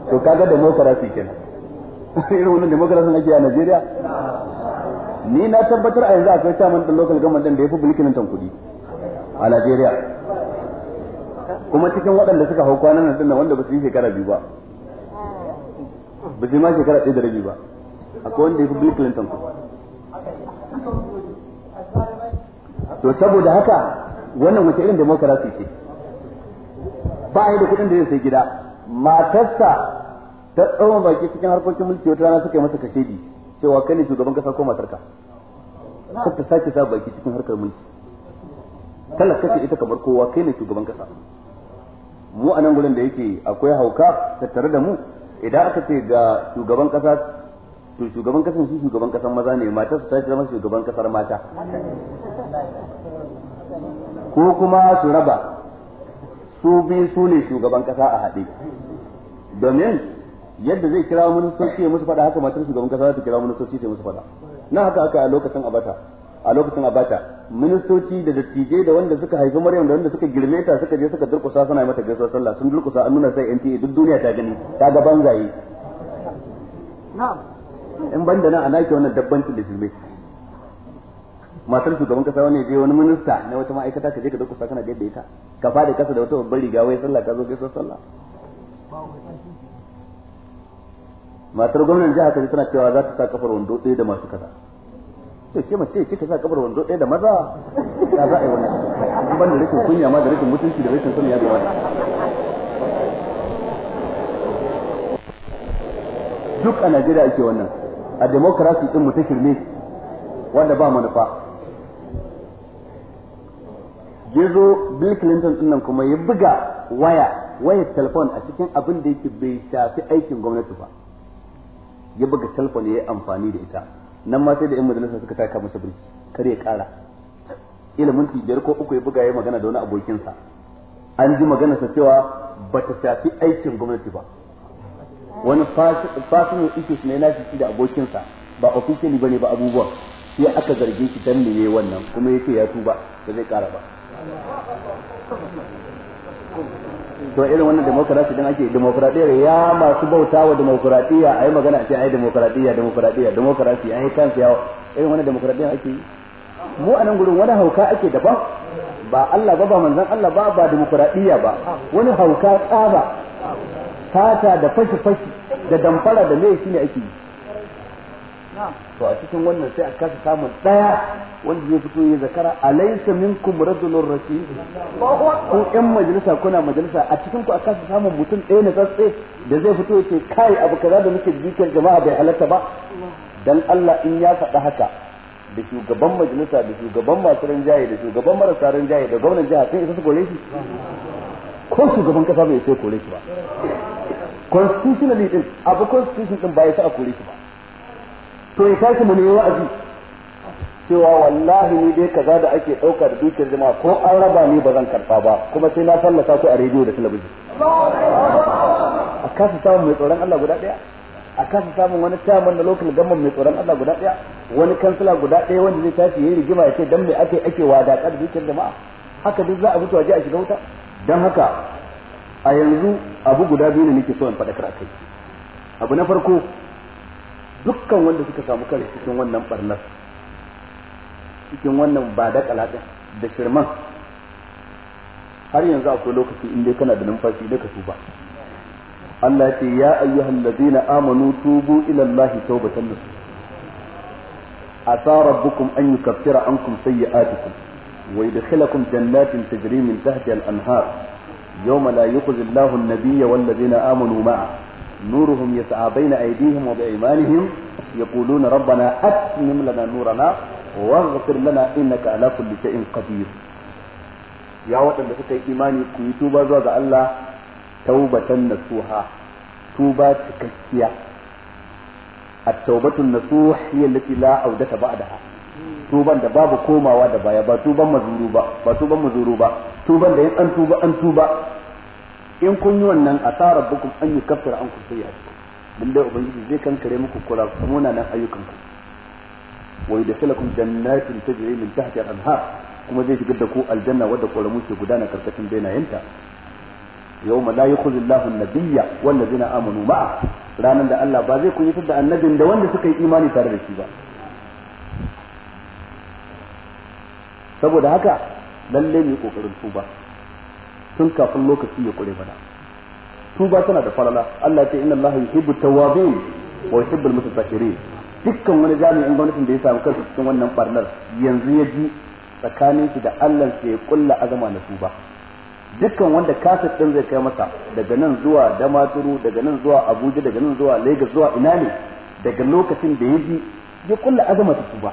to kaga demokarasi kenan irin wannan demokarasi ake a Najeriya ni na tabbatar a yanzu akwai chairman din local government din da yafi Bill tankudi a Najeriya kuma cikin waɗanda suka hau kwanan nan din wanda ba su yi shekara biyu ba ba su yi ma shekara ɗaya da rabi ba akwai wanda yafi Bill Clinton tankudi. to saboda haka wannan wata irin demokarasi ce ba a yi da kuɗin da zai sai gida matarsa ta tsawon baki cikin harkokin mulki wata rana suka yi masa kashedi cewa kai ne shugaban kasa ko matarka kar ta sake sa baki cikin harkar mulki talaka ce ita kamar kowa kai ne shugaban kasa mu a nan gurin da yake akwai hauka tattare da mu idan aka ce ga shugaban kasa to shugaban kasan shi shugaban kasan maza ne mata su ta zama shugaban kasar mata ko kuma su raba su bi su ne shugaban kasa a haɗe domin yadda zai kira ministoci ya musu faɗa haka matar shugaban kasa za ta kira ministoci ta musu faɗa na haka aka a lokacin abata a lokacin abata ministoci da dattijai da wanda suka haifi maryam da wanda suka girme ta suka je suka durkusa suna mata gaisuwar sallah sun durkusa an nuna sai NTA e, duk duniya ta gani ta ga banzaye in ban da nan a wannan dabbancin da shirme matar shugaban kasa wani je wani minista na wata ma'aikata ka je ka durkusa kana yadda ita ka fada kasa da wata babbar riga wai sallah ka zo gaisuwar sallah matar gwamnan jiha kaji tana cewa za ta sa kafar wando ɗaya da masu kaza to ke mace kika sa kafar wando ɗaya da maza ya za a yi wannan ban da rikin kunya ma da rikin mutunci da rikin sani ya ga wannan duk a Najeriya ake wannan a demokarasi din mu ta shirme wanda ba manufa gizo Bill Clinton din nan kuma ya buga waya wayar telefon a cikin abin da yake bai shafi aikin gwamnati ba ya buga telefon ya yi amfani da ita nan ma sai da yan majalisa suka taka masa birki kar ya kara ilimin biyar ko uku ya buga ya magana da wani abokinsa an ji sa cewa ba ta shafi aikin gwamnati ba wani fasin issues ne na shi da abokinsa ba ba bane ba abubuwan sai aka zarge shi dan ne wannan kuma yake ya tuba ba zai kara ba to irin wannan demokrasi din ake demokradiyya ya masu bauta wa demokradiyya ayi magana ce ayi demokradiyya demokradiyya demokrasi ayi kansa yawo irin wannan demokradiyya ake mu a nan gurin wani hauka ake daban ba Allah ba ba manzon Allah ba ba demokradiyya ba wani hauka tsaba fata da fashi fashi da damfara da mai ne ake yi to a cikin wannan sai a kasa samun daya wanda zai fito ya zakara alaysa minkum rajulun rashid ko yan majalisa kuna majalisa a cikin ku a kasa samun mutum ɗaya na tsatse da zai fito ya ce kai abu kaza da muke jikin jama'a bai halatta ba dan Allah in ya faɗa haka da shugaban majalisa da shugaban masu rinjaye da shugaban marasa rinjaye da gwamnan jiha sun isa su kore shi ko shugaban kasa bai sai kore shi ba constitutionally din abu constitution din ba ya sa a kore shi ba to ya tashi mu ne wa'azi cewa wallahi ni dai kaza da ake ɗaukar dukiyar jama'a ko an raba ni ba zan karɓa ba kuma sai na fallasa ku a rediyo da talabijin a kasa samun mai tsoron Allah guda ɗaya a kasa samun wani chairman na local government mai tsoron Allah guda ɗaya wani kansila guda ɗaya wanda zai tashi yayi rigima ya ce dan me ake ake wadatar dukiyar jama'a haka duk za a fito waje a shiga wuta dan haka a yanzu abu guda biyu ne nake so in faɗa kai abu na farko dukkan wanda suka samu kare cikin wannan barnar cikin wannan ba da kalatin da shirman har yanzu akwai lokaci in dai kana da numfashi da ka tuba Allah ce ya ayyuhal ladina amanu tubu ila Allah tawbatan nasuha asa rabbukum an yukaffira ankum sayyi'atikum wa yadkhilakum jannatin tajri min tahtiha al-anhar yawma la yukhzi Allahu an-nabiyya wal ladina amanu ma'ahu نورهم يسعى بين أيديهم وبأيمانهم يقولون ربنا أتمم لنا نورنا واغفر لنا إنك على كل شيء قدير يا وطن لك إيماني كيتوبة زوغ الله توبة نسوها توبة تكسية التوبة النصوح هي التي لا عودة بعدها tuban da babu ودبايا da baya ba tuban mazuru ba ba tuban أن ba tuban da in kun yi wannan asara bukum an yi kafir an kun sai yaki dan dai ubangiji zai kankare muku kula kuma nan ayyukan ku wa yudkhilukum jannatin tajri min tahtiha al-anhar kuma zai shigar da ku aljanna wadda ƙoramu ke gudana karkashin bainayenta yawma la yukhzi Allahu an-nabiyya wal ladina amanu ma'a ranan da Allah ba zai kunyatar da annabin da wanda suka yi imani tare da shi ba saboda haka lalle ne kokarin tuba tun kafin lokaci ya kure mana tuba tana da falala Allah ya ce inna Allah yuhibbu tawwabin wa yuhibbul mutatahhirin dukkan wani jami'in gwamnatin da ya samu kansa cikin wannan barnar yanzu ya ji tsakanin shi da Allah sai ya kulla azama na tuba dukkan wanda kasar din zai kai masa daga nan zuwa Damaturu daga nan zuwa Abuja daga nan zuwa Lagos zuwa ina ne daga lokacin da ya ji ya kulla azama ta tuba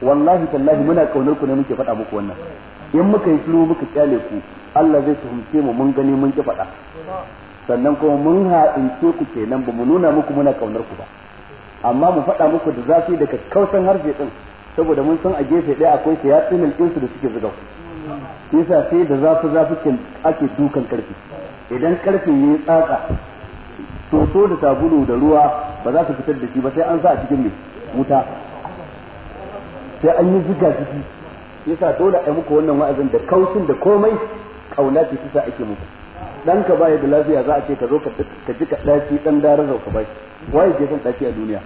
wallahi tallahi muna kaunar ku ne muke faɗa muku wannan in muka yi shiru muka kyale ku Allah zai fahimce mu mun gani mun ki faɗa sannan kuma mun haɗince ku kenan ba mu nuna muku muna kaunar ku ba amma mu faɗa muku da zafi da kakkausan harshe din saboda mun san a gefe ɗaya akwai shayatunan insu da suke zuga ku yasa sai da zafi zafi ake dukan karfi idan ya yi tsaka soso da sabulu da ruwa ba za su fitar da shi ba sai an sa a cikin mai wuta sai an yi ziga ciki yasa dole a yi muku wannan wa'azin da kaushin da komai kauna ce kisa ake muku dan ka baya da lafiya za a ce ka zo ka ji ka daci dan daren ka bashi waye ke son daci a duniya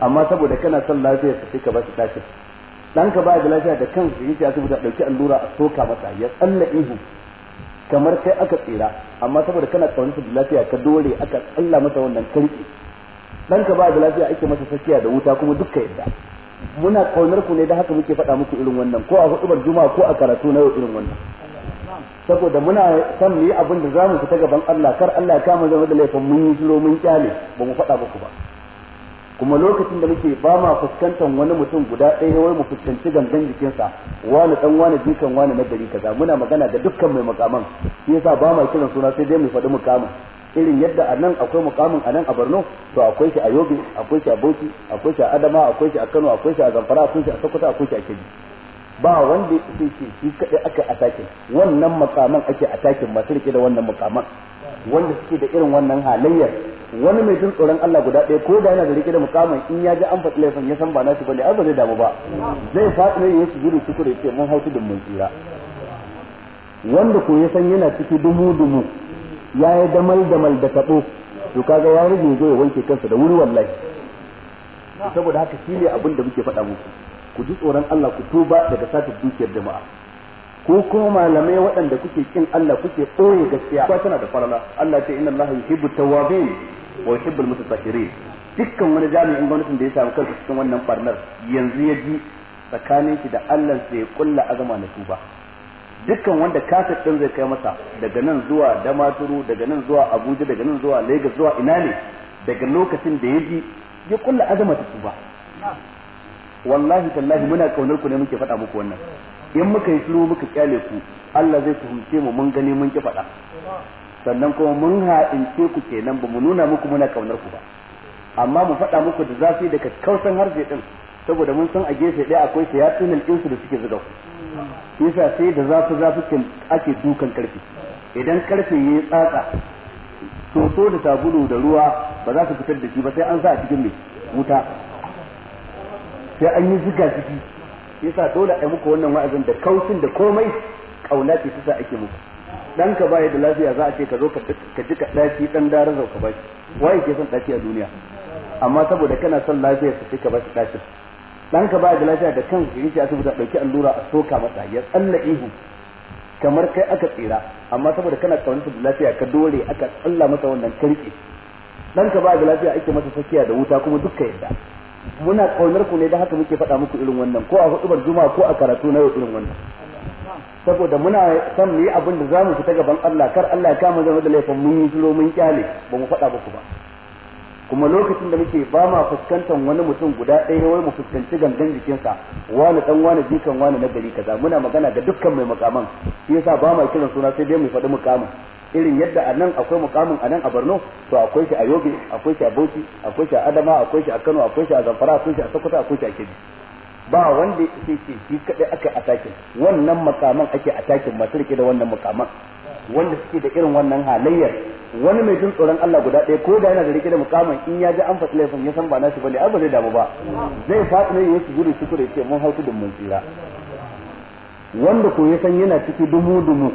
amma saboda kana son lafiya ka sai ka bashi daci dan ka baya da lafiya da kanka yake asibiti a dauki allura a soka masa ya tsalla ihu kamar kai aka tsira amma saboda kana kaunarsa da lafiya ka dore aka tsalla masa wannan karki dan ka baya da lafiya ake masa sakiya da wuta kuma dukka yadda muna kaunar ku ne da haka muke faɗa muku irin wannan ko a hudubar juma'a ko a karatu na yau irin wannan saboda muna san mu abin da zamu fita gaban Allah kar Allah ya kama zama da laifin mun yi shiro mun kyale ba mu faɗa muku ba kuma lokacin da muke ba ma fuskantar wani mutum guda ɗaya wai mu fuskanci gangan jikinsa wani dan wani jikan wani na gari kaza muna magana da dukkan mai makaman shi yasa ba ma kiran suna sai dai mu faɗi mukamin irin yadda a nan akwai mukamin a nan a Borno to akwai shi a Yobe akwai shi a Bauchi akwai shi a Adama akwai shi a Kano akwai shi a Zamfara akwai shi a Sokoto akwai shi a Kebbi ba wanda yake ce shi shi aka atake wannan mukaman ake atake masu rike da wannan mukaman wanda suke da irin wannan halayyar wani mai jin tsoron Allah guda ɗaya ko da yana da rike da mukamin in ya ji an faɗi laifin ya san ba nashi bane ai ba zai damu ba zai faɗi ne ya sujudu da ce mun hautu da mun tsira wanda ko ya san yana ciki dumu dumu ya yi damal damal da taɓo to kaga ya rage zo ya wanke kansa da wuri wallahi saboda haka shi ne abin da muke faɗa muku ku ji tsoron Allah ku tuba daga sata dukiyar jama'a ko ko malamai waɗanda kuke kin Allah kuke ɓoye gaskiya ba tana da farala Allah ce inna Allah yuhibbu tawabin wa yuhibbul mutatahirin dukkan wani jami'in gwamnatin da ya samu kansa cikin wannan barnar yanzu ya ji tsakanin shi da Allah sai ya kulla azama na tuba dukkan wanda kaset ɗin zai kai masa daga nan zuwa damaturu daga nan zuwa abuja daga nan zuwa lagos zuwa ina ne daga lokacin da ya ji ya kulla azama ta ba. wallahi tallahi muna kaunar ku ne muke faɗa muku wannan in muka yi shiru muka kyale ku Allah zai fahimce mu mun gani mun ki faɗa sannan kuma mun ha'ince ku kenan ba mu nuna muku muna kaunar ku ba amma mu faɗa muku da zafi daga kausan harshe din saboda mun san a gefe ɗaya akwai shayatin al'insu da suke zuga ku yasa sai da zafi zafi ake dukan karfi idan karfe yi tsatsa soso da sabulu da ruwa ba za su fitar da shi ba sai an sa a cikin mai wuta sai an yi ziga ciki yasa dole a yi muku wannan wa'azin da kausin da komai kauna ce ta sa ake muku ka baya da lafiya za a ce ka zo ka ji ka ɗaci ɗan daren zau ka waye ke son ɗaci a duniya amma saboda kana son lafiya su ce ka ba ɗacin ɗanka ba da lafiya da kan shi yake asibiti a ɗauki allura a soka masa ya tsalla ihu kamar kai aka tsira amma saboda kana kaunta da lafiya ka dole aka tsalla masa wannan karki ɗanka ba da lafiya ake masa sakiya da wuta kuma dukka yadda muna kaunar ku ne da haka muke faɗa muku irin wannan ko a hudubar juma'a ko a karatu na yau irin wannan saboda muna son mu yi abin da zamu fita gaban Allah kar Allah ya kama zama da laifin mun yi mun kyale ba mu faɗa muku ba kuma lokacin da muke ba ma fuskantar wani mutum guda ɗaya wai mu fuskanci gangan jikinsa wani dan wani jikan wani na gari kaza muna magana ga dukkan mai mukaman shi yasa ba ma kiran suna sai dai mu faɗi mukamin irin yadda a nan akwai mukamin a nan a Borno to akwai shi a Yobe akwai shi a Bauchi akwai shi a Adama akwai shi a Kano akwai shi a Zamfara akwai shi a Sokoto akwai shi a Kebbi ba wanda yake ce shi kadai aka atakin wannan mukaman ake atakin masu rike da wannan mukaman wanda suke da irin wannan halayyar wani mai jin tsoron Allah guda ɗaya ko da yana da rike da mukamman in ya ji an faɗi laifin ya san ba nashi bane ai ba zai damu ba zai faɗi ne yake gudu shukure ce mun hautu da mun tsira wanda ko ya san yana ciki dumu dumu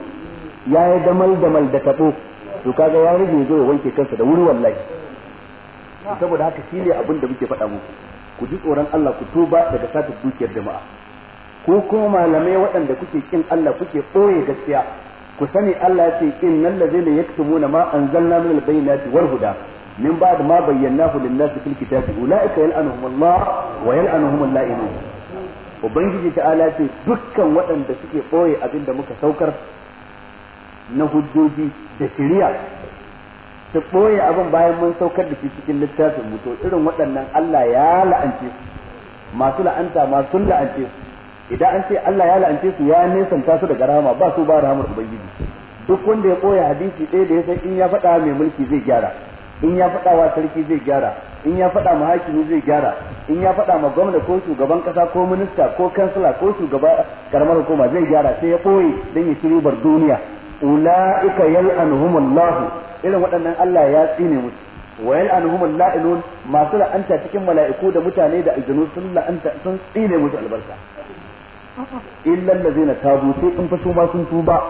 ya yi damal damal da tabo to kaga ya rage zo wanke kansa da wuri wallahi saboda haka shi ne abin da muke faɗa muku ku ji tsoron Allah ku tuba daga sata dukiyar jama'a ko kuma malamai waɗanda kuke kin Allah kuke ɓoye gaskiya ku sani Allah ya ce innal ladzina na ma anzalna minal bayyinati wal huda min ba'd ma bayyanahu lin-nasi fil kitabi ulaika yal'anuhum Allah wa yal'anuhum al-la'inun ubangiji ta'ala ce dukkan waɗanda suke boye abinda muka saukar na hujjoji da shari'a su boye abin bayan mun saukar da shi cikin littafin mu to irin waɗannan Allah ya la'ance masu la'anta masu la'ance su idan an ce Allah ya la'ance su ya nesanta su daga rahama ba su ba rahamar ubangiji duk wanda ya koya hadisi ɗaya da ya san in ya faɗa mai mulki zai gyara in ya faɗa wa sarki zai gyara in ya faɗa ma hakimi zai gyara in ya faɗa ma gwamna ko shugaban kasa ko minista ko kansila ko shugaba karamar hukuma zai gyara sai ya ɓoye dan ya ci bar duniya ula'ika yal'anuhumullahu irin waɗannan Allah ya tsine musu wa yal'anuhumul la'inun masu la'anta cikin mala'iku da mutane da aljanu sun la'anta sun tsine musu albarka zai na tabu sai in fa su ma sun tuba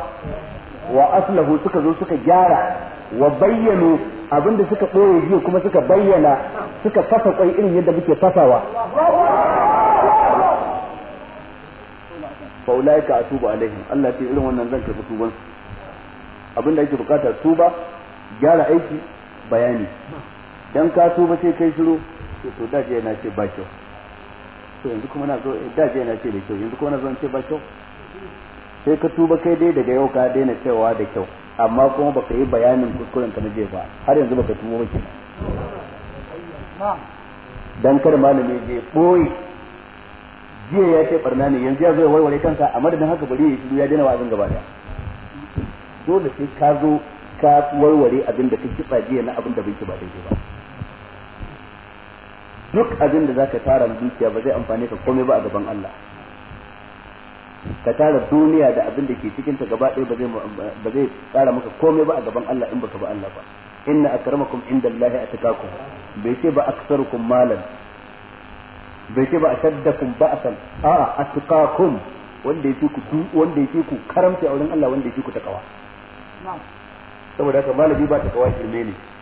wa aslahu suka zo suka gyara wa bayyana abinda suka ɓoye jiya kuma suka bayyana suka fasa kwai irin yadda muke fasawa fa ulaika atubu alaihim Allah ce irin wannan zan karɓi tuban abinda yake bukata tuba gyara aiki bayani dan ka tuba sai kai shiru to da na ce ba kyau to yanzu kuma na zo eh, da je na ce da kyau yanzu kuma na zo ce ba kyau sai ka tuba kai dai daga yau ka daina cewa da kyau amma kuma baka yi bayanin kuskuren ka na je ba har yanzu baka tuba ba kenan dan kar malami je boye jiya ya ce barna ne yanzu ya zo ya warware kanka a madadin haka bari ya shiru ya daina wazin gaba da dole sai ka zo ka warware abin da kake jiya na abin da bai ba dai ba duk abin da zaka tara dukiya ba zai amfane ka komai ba a gaban Allah ka tara duniya da abin da ke cikin ta gaba ɗaya ba zai ba zai tsara maka komai ba a gaban Allah in baka ba Allah ba inna akramakum indallahi atqakum bai ce ba aktsarukum malan bai ce ba ashaddakum ba'san a atqakum wanda yake ku du wanda yake ku karamta a wurin Allah wanda yake ku takawa saboda haka malami ba takawa shirme ne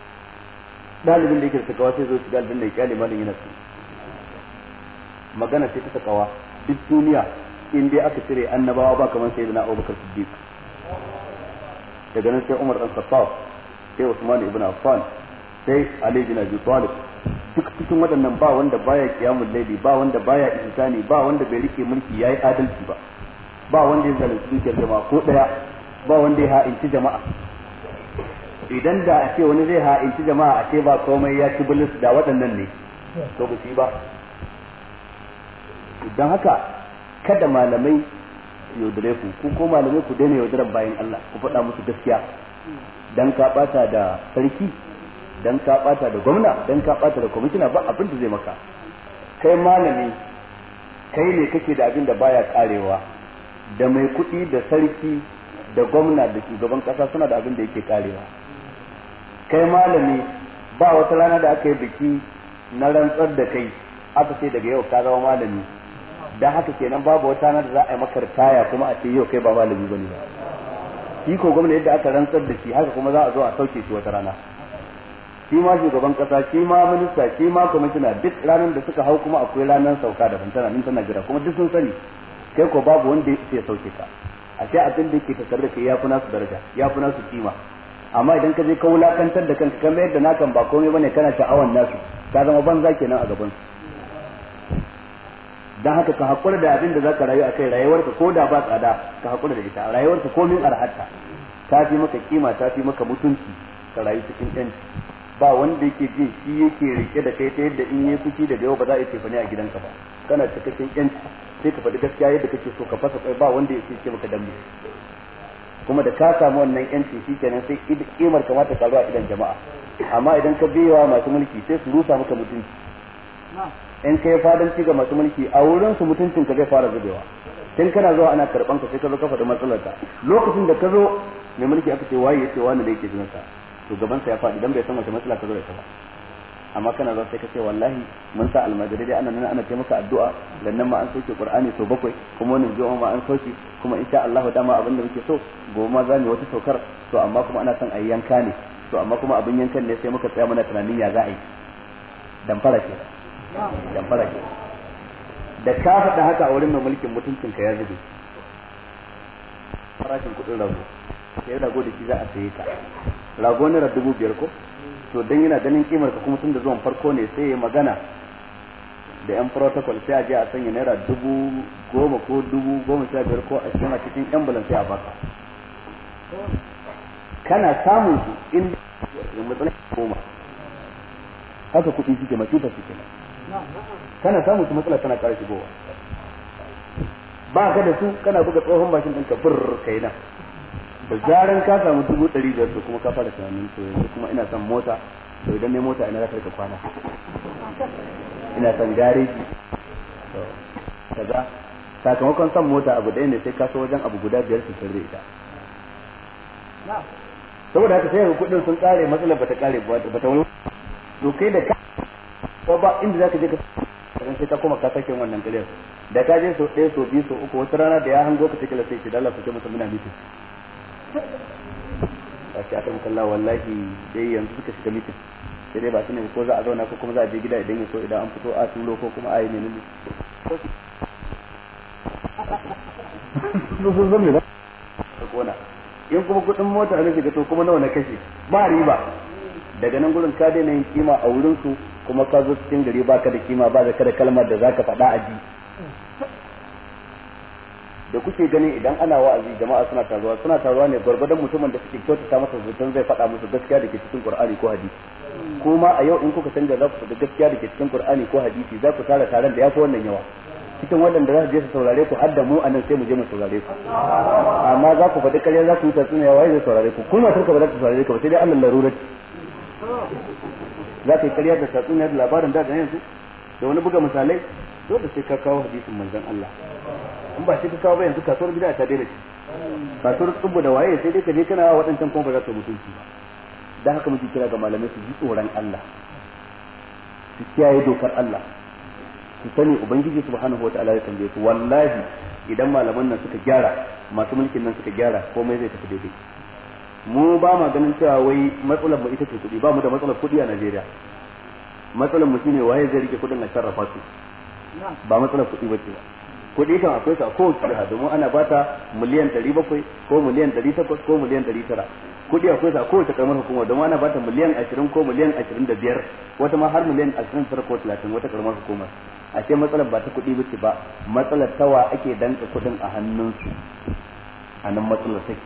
dalibin da yake da takawa sai zo su aljanna ya kyale malam yana su magana sai ta takawa duk duniya in dai aka cire annabawa ba kamar sayyidina Abubakar Siddiq daga nan sai Umar dan Khattab sai Usman ibn Affan sai Ali bin Abi Talib duk cikin waɗannan ba wanda baya kiyamul laili ba wanda baya Insani ba wanda bai rike mulki yayi adalci ba ba wanda ya zalunci dukiyar jama'a ko daya ba wanda ya ha'inci jama'a idan da a ce wani zai ha'inci jama'a a ce ba komai ya ci bilis da waɗannan ne to ba ba don haka kada malamai yaudare ku ku ko malamai ku daina yaudaran bayan Allah ku faɗa musu gaskiya dan ka ɓata da sarki dan ka ɓata da gwamna dan ka ɓata da kwamishina ba abin da zai maka kai malami kai ne kake da abin da baya karewa da mai kuɗi da sarki da gwamna da shugaban ƙasa suna da abin da yake karewa kai malami ba wata rana da aka yi biki na rantsar da kai aka ce daga yau ka zama malami dan haka kenan babu wata rana da za a yi maka taya kuma a ce yau kai ba malami bane shi ko gwamna yadda aka rantsar da shi haka kuma za a zo a sauke shi wata rana shi ma shugaban kasa shi ma minista shi ma kwamishina duk ranar da suka hau kuma akwai ranar sauka da tana nan tana jira kuma duk sun sani kai ko babu wanda ya sauke ka a sai abin da yake tattare da kai ya fi nasu daraja ya fi nasu kima amma idan ka je ka wulakantar da kanka kamar yadda nakan ba komai bane kana sha'awan nasu ka zama banza kenan a gaban dan haka ka hakura da abin da zaka rayu akai rayuwarka ko da ba tsada ka hakura da ita rayuwarka komin arhatta ta fi maka kima ta fi maka mutunci ka rayu cikin yanci ba wanda yake jin shi yake rike da kai ta yadda in yi fushi da yau ba za a ce tefani a gidanka ba kana cikakken yanci sai ka faɗi gaskiya yadda kake so ka fasa kai ba wanda yake ce maka dambe kuma da ka samu wannan yanci kenan sai kimar kamata ka zo a idan jama'a amma idan ka biyewa masu mulki sai su rusa maka mutunci in kai ci ga masu mulki a wurin su mutuncin ka zai fara zubewa tun kana zuwa ana karɓan ka sai ka zo ka faɗi matsalar ka lokacin da ka zo mai mulki aka ce waye ce wani da yake jinsa to gaban sa ya faɗi dan bai san wace matsala ka zo da ta ba amma kana zo sai ka ce wallahi mun sa almajirai dai ana nan ana ce maka addu'a lannan ma an soke qur'ani sau bakwai kuma wannan juma'a ma an soke kuma insha Allah dama abin da muke so gobe ma za mu wata saukar to amma kuma ana son ayi yanka ne to amma kuma abin yankan ne sai muka tsaya mana tunanin ya za a yi dan fara ke dan fara ke da ka faɗa haka a wurin mai mulkin mutuncin ka ya zube farashin kuɗin rago sai rago da shi za a saye ka rago naira dubu biyar ko to dan yana ganin kimar ka kuma tunda zuwan farko ne sai ya magana da yan protocol sai a je a sanya naira dubu goma ko dubu goma sha biyar ko ashirin a cikin ambulance sai a baka kana samun su in da matsalar koma haka kuɗi suke masifar su kenan kana samun su matsala tana ƙara shigowa ba ka da su kana buga tsohon bashin ɗinka bir kai nan da zaran ka samu dubu ɗari biyar to kuma ka fara tunanin to yanzu kuma ina son mota to idan ne mota ina za kwana ina son gareji to kaza sakamakon son mota abu ɗaya ne sai ka so wajen abu guda biyar su sirri ita saboda haka sai kuɗin sun ƙare matsalar bata ƙare ba ta wani to kai da ka ko ba inda zaka je ka sannan sai ka koma ka sake wannan ƙaryar da ka je so ɗaya so biyu so uku wata rana da ya hango ka take lafiya ki dala ku ce masa muna mitin ba shi aka mutalla wallahi dai yanzu suka shiga mitin sai dai ba su ne ko za a zauna ko kuma za a je gida idan ya so idan an fito a tulo ko kuma a yi nemi sun in kuma kudin mota na shiga to kuma nawa na kashe ba riba daga nan gurin ka daina yin kima a wurin su kuma ka zo cikin gari baka da kima ba da kada kalmar da zaka faɗa a ji da kuke ganin idan ana wa'azi jama'a suna taruwa suna taruwa ne gwargwadon mutumin da suke kyautata masa zaton zai faɗa musu gaskiya da ke cikin qur'ani ko hadisi kuma a yau in kuka canza za ku faɗi gaskiya da ke cikin qur'ani ko hadisi za ku tara taron da ya fi wannan yawa cikin waɗanda za su je su saurare ku hadda mu anan sai mu je mu saurare ku amma za ku faɗi ƙarya za ku yi tatsuniya waye zai saurare ku kuma tarka ba za ku saurare ku ba sai dai Allah larurati za ka yi ƙarya da tatsuniya da labarin da ga yanzu da wani buga misalai dole sai ka kawo hadisin manzon Allah in ba shi ka kawo ba yanzu kasuwar bid'a ta daina shi kasuwar tsubu da waye sai dai ka je kana waɗancan kuma ba za su mutunci ba dan haka muke kira ga malamai su ji tsoron Allah su kiyaye dokar Allah su sani ubangiji subhanahu wataala ya tambaye su wallahi idan malaman nan suka gyara masu mulkin nan suka gyara komai zai tafi daidai mu ba ma ganin cewa wai matsalar mu ita ce kuɗi ba mu da matsalar kuɗi a Najeriya matsalar mu shine waye zai rike kuɗin a sarrafa su ba matsalar kuɗi ba ce ba kuɗi kan akwai su a kowace jiha domin ana ba ta miliyan ɗari bakwai ko miliyan ɗari takwas ko miliyan ɗari tara kuɗi akwai su a kowace karamar hukuma domin ana ba ta miliyan ashirin ko miliyan ashirin da biyar wata ma har miliyan ashirin tara ko talatin wata karamar hukumar a ce matsalar ba ta kuɗi ba ce ba matsalar tawa ake danka kuɗin a hannunsu a nan matsalar take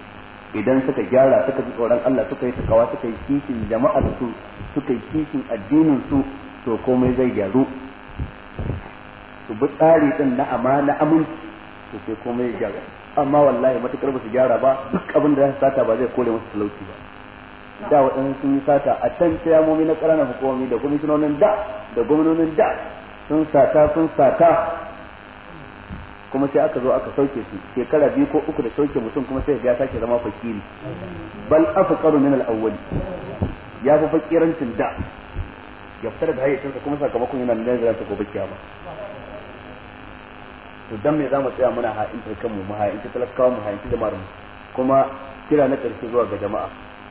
idan suka gyara suka ji tsoron Allah suka yi takawa suka yi kishin jama'ar su suka yi kishin addinin su to komai zai gyaru su bi tsari din na amana aminci to sai komai ya gyara amma wallahi matukar ba su gyara ba duk abin da za su sata ba zai kore musu talauci ba da waɗannan sun yi sata a can tayamomi na ƙaranan hukumomi da gwamnatinonin da da gwamnonin da sun sata sun sata kuma sai aka zo aka sauke su shekara biyu ko uku da sauke mutum kuma sai ya sake zama fakiri bal afqaru min al-awwal ya fi fakirancin da ya fitar da hayyacinsa kuma sakamakon yana nan da zai ta gobe kiyama to dan me za mu tsaya muna kai kanmu mu ha'inci talakawa mu in jama'ar mu kuma kira na karshe zuwa ga jama'a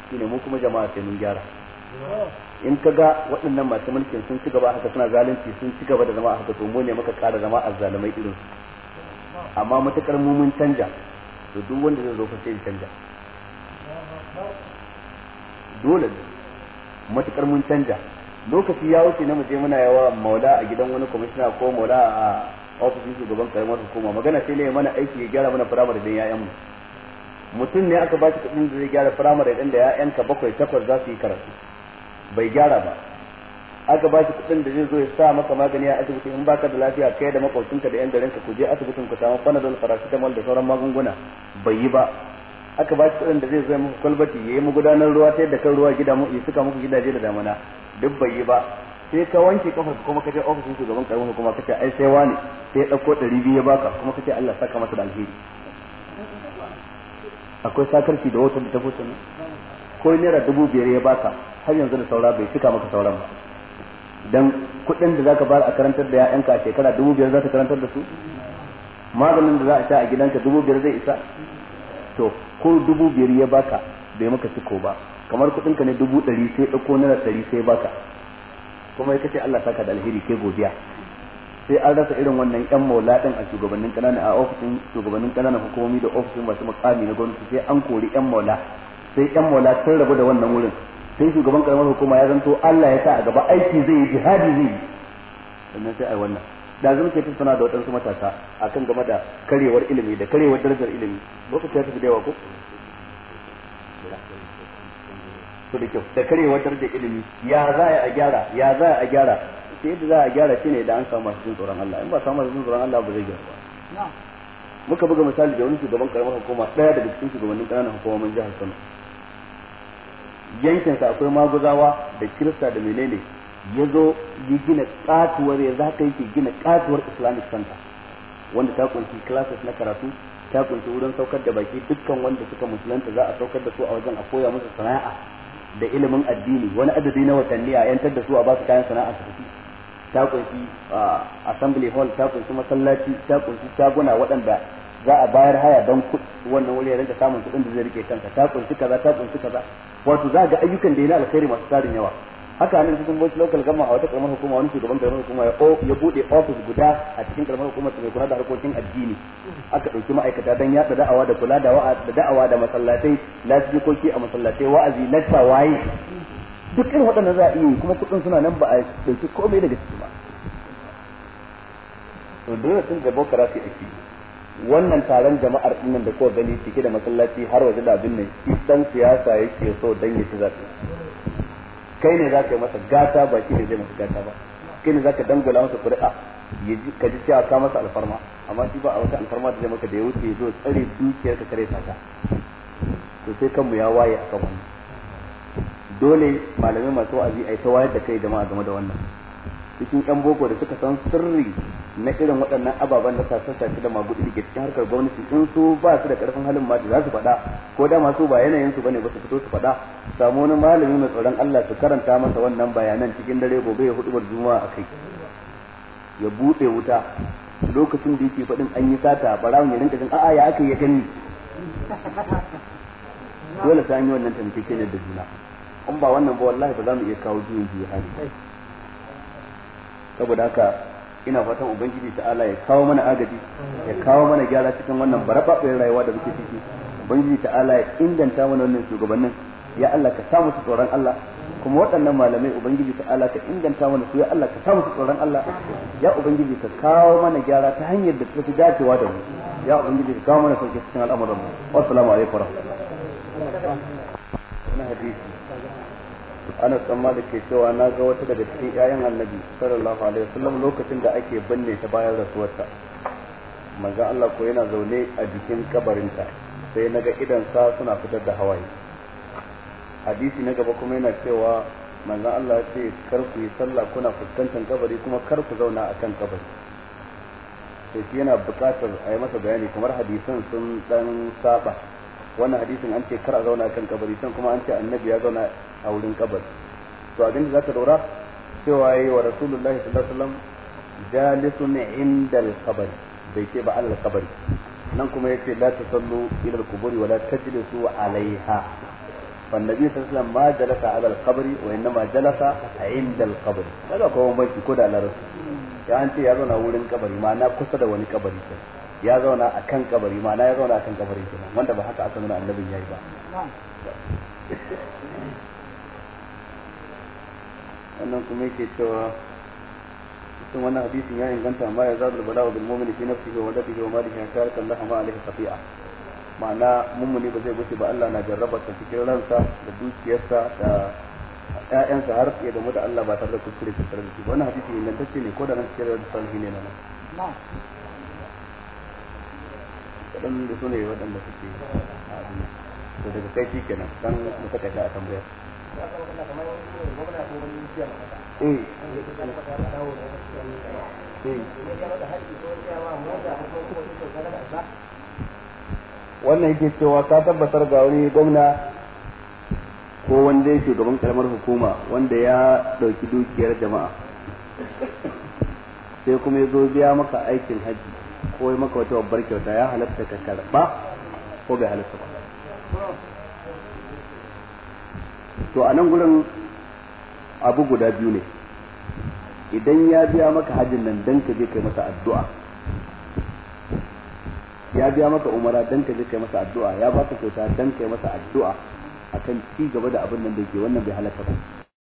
shine mu kuma jama'a sai mun gyara in ka ga waɗannan masu mulkin sun ci gaba haka suna zalunci sun ci gaba da zama haka to mu ne muka ƙara zama azzalumai irin su amma matukar mu mun canja to duk wanda zai zo fa sai canja dole matukar mun canja lokaci ya wuce na mu je muna yawa maula a gidan wani kwamishina ko maula a ofishin shugaban karamar hukuma magana sai ne mana aiki ya gyara mana firamare din yayan mu mutum ne aka ba shi kudin da zai gyara firamare din da yayan ka bakwai takwas za su yi karatu bai gyara ba aka ba shi kudin da zai zo ya sa maka magani a asibiti in baka da lafiya kai da makwabcinka da yan garin ka je asibitin ku samu panadol paracetamol da sauran magunguna bai yi ba aka ba shi kudin da zai zo muku kwalbati yayi mu gudanar ruwa ta yadda kan ruwa gida mu suka muku gidaje da damana duk bai yi ba sai ka wanke kafa kuma ka je ofishin shugaban karamar hukuma ka ce ai sai wani sai ya dauko 200 biyu ya baka kuma ka ce Allah saka masa da alheri akwai sakarci da wata da ta fuce ko naira dubu biyar ya baka har yanzu da saura bai cika maka sauran ba dan kuɗin da zaka bar a karantar da ƴaƴanka a shekara dubu biyar zaka karantar da su maganin da za a sha a gidanka dubu biyar zai isa to ko dubu biyar ya baka bai maka ciko ba kamar kuɗinka ne dubu ɗari sai ɗauko naira ɗari sai baka kuma ya kace Allah saka da alheri ke godiya sai an rasa irin wannan yan maula din a shugabannin kanana a ofishin shugabannin kanana hukumomi da ofishin masu mukami na gwamnati sai an kori yan maula sai yan maula sun rabu da wannan wurin sai shugaban karamar hukuma ya zanto Allah ya sa a gaba aiki zai yi jihadi zai yi sannan sai ai wannan da zan ke tattauna da waɗansu matasa akan game da karewar ilimi da karewar darajar ilimi lokaci ya tafi da yawa ko su da kyau da karewar da ilimi ya za a gyara ya za a gyara sai yadda za a gyara ne da an samu masu jin tsoron Allah in ba samu masu jin tsoron Allah ba zai gyara ba muka buga misali da wani shugaban karamar hukuma daya daga cikin shugabannin ƙananan hukumomin jihar Kano yankinsa akwai maguzawa da kirista da menene ya zo ya gina katuwar ya za ka yi gina katuwar islamic center wanda ta kunshi classes na karatu ta kunshi wurin saukar da baki dukkan wanda suka musulunta za a saukar da su a wajen a koya musu sana'a da ilimin addini wani adadi na watanni a yantar da su a basu kayan sana'a su tafi ta kunshi assembly hall ta kunshi masallaci ta kunshi shaguna waɗanda za a bayar haya don wannan wuri ya rinka samun kuɗin da zai rike kansa ta kunshi kaza ta kunshi kaza wato za ga ayyukan da yana alkhairi masu tarin yawa haka nan cikin Bauchi local gama a wata karamar hukuma wani shugaban karamar hukuma ya bude office guda a cikin karamar su mai kula da harkokin addini aka dauki ma'aikata dan yaɗa da'awa da kula da da da'awa da masallatai lasbikoki a masallatai wa'azi lacca waye duk irin waɗannan za a iya kuma kuɗin suna nan ba a dauki komai daga ciki ba to dole sun da bokara su aiki wannan taron jama'ar dinnan da kowa gani cike da masallaci har waje da abin nan idan siyasa yake so dan ya ci zaɓe kai ne za ka yi masa gata ba shi ne zai masa gata ba kai ne za ka dangula masa kuri'a ka ji cewa ka masa alfarma amma shi ba a wata alfarma da zai maka da ya wuce zo tsare dukiyar ka kare ta to sai kanmu ya waye akan wannan dole malamai masu wa'azi a yi ta wayar da kai jama'a game da wannan cikin yan boko da suka san sirri na irin waɗannan ababen da sa sassa da magudi da cikin harkar gwamnati in su ba su da karfin halin ma da za su faɗa ko da masu ba yanayin su bane ba su fito su faɗa samu wani malami mai tsoron Allah su karanta masa wannan bayanan cikin dare gobe ya hudu juma'a a kai ya buɗe wuta lokacin da yake faɗin an yi sata barawun ya rinka jin a'a ya aka ya gani dole sai an yi wannan ne da juna in ba wannan ba wallahi ba za mu iya kawo juyin juyi hali saboda haka ina fatan ubangiji ta'ala ya kawo mana agaji ya kawo mana gyara cikin wannan barababin rayuwa da muke ciki ubangiji ta'ala ya inganta mana wannan shugabannin ya Allah ka samu su tsoron Allah kuma waɗannan malamai ubangiji ta'ala ka inganta mana su ya Allah ka samu su tsoron Allah ya ubangiji ka kawo mana gyara ta hanyar da ta fi dacewa da mu ya ubangiji ka kawo mana sauke cikin al'amuran mu assalamu alaikum warahmatullahi wabarakatuh na hadisi Ana tsamma da ke cewa na ga wata daga cikin ƴaƴan annabi sallallahu alaihi wasallam lokacin da ake binne ta bayan rasuwarta manzo Allah ko yana zaune a jikin kabarinta sai naga idan sa suna fitar da hawaye hadisi na gaba kuma yana cewa manzo Allah ce kar ku yi sallah kuna fuskantar kabari kuma kar ku zauna akan kabari sai shi yana buƙatar a yi masa bayani kamar hadisan sun dan saba wannan hadisin an ce kar a zauna akan kabari san kuma an ce annabi ya zauna a wurin kabari to abin da zaka dora cewa yi wa rasulullahi sallallahu alaihi wasallam jalisun indal qabr bai ce ba Allah qabr nan kuma yace la tasallu ila al qubur wa la tajlisu alaiha fa annabi sallallahu alaihi wasallam ma jalasa ala al qabr wa inma jalasa inda al qabr kaga ko banki ko da larabci ya an ce ya zauna wurin kabari ma na kusa da wani kabari ya zauna a kan kabari ma na ya zauna a kan kabari kenan wanda ba haka aka nuna annabin yayi ba wannan kuma yake cewa cikin wannan hadisin ya inganta ma ya zaɓi bala wa bilmomin fi nafsi wa wadda wa da shi tayar kan lahama alaihi safi'a ma'ana mummuni ba zai guce ba Allah na jarraba ta cikin ransa da dukiyarsa da ƴaƴansa har ya gamu da Allah ba tare da kuskure ta tare da shi wannan hadisi ingantacce ne ko da nan cikin rawar salihi ne na nan kaɗan da su ne waɗanda suke a duniya to daga kai shi kenan dan mu saka ta a tambayar wannan yake cewa ka tabbatar ga wani gwamna ko wanda ya shugaban kalmar hukuma wanda ya ɗauki dukiyar jama'a sai kuma ya zo biya maka aikin hajji ko maka wata babbar kyauta ya halatta ka karɓa ko bai halatta ba to a nan gurin abu guda biyu ne idan ya biya maka hajjin nan dan ka je kai masa addu'a ya biya maka umara dan ka je kai masa addu'a ya baka kyauta dan kai masa addu'a akan ci gaba da abin nan da ke wannan bai halaka ba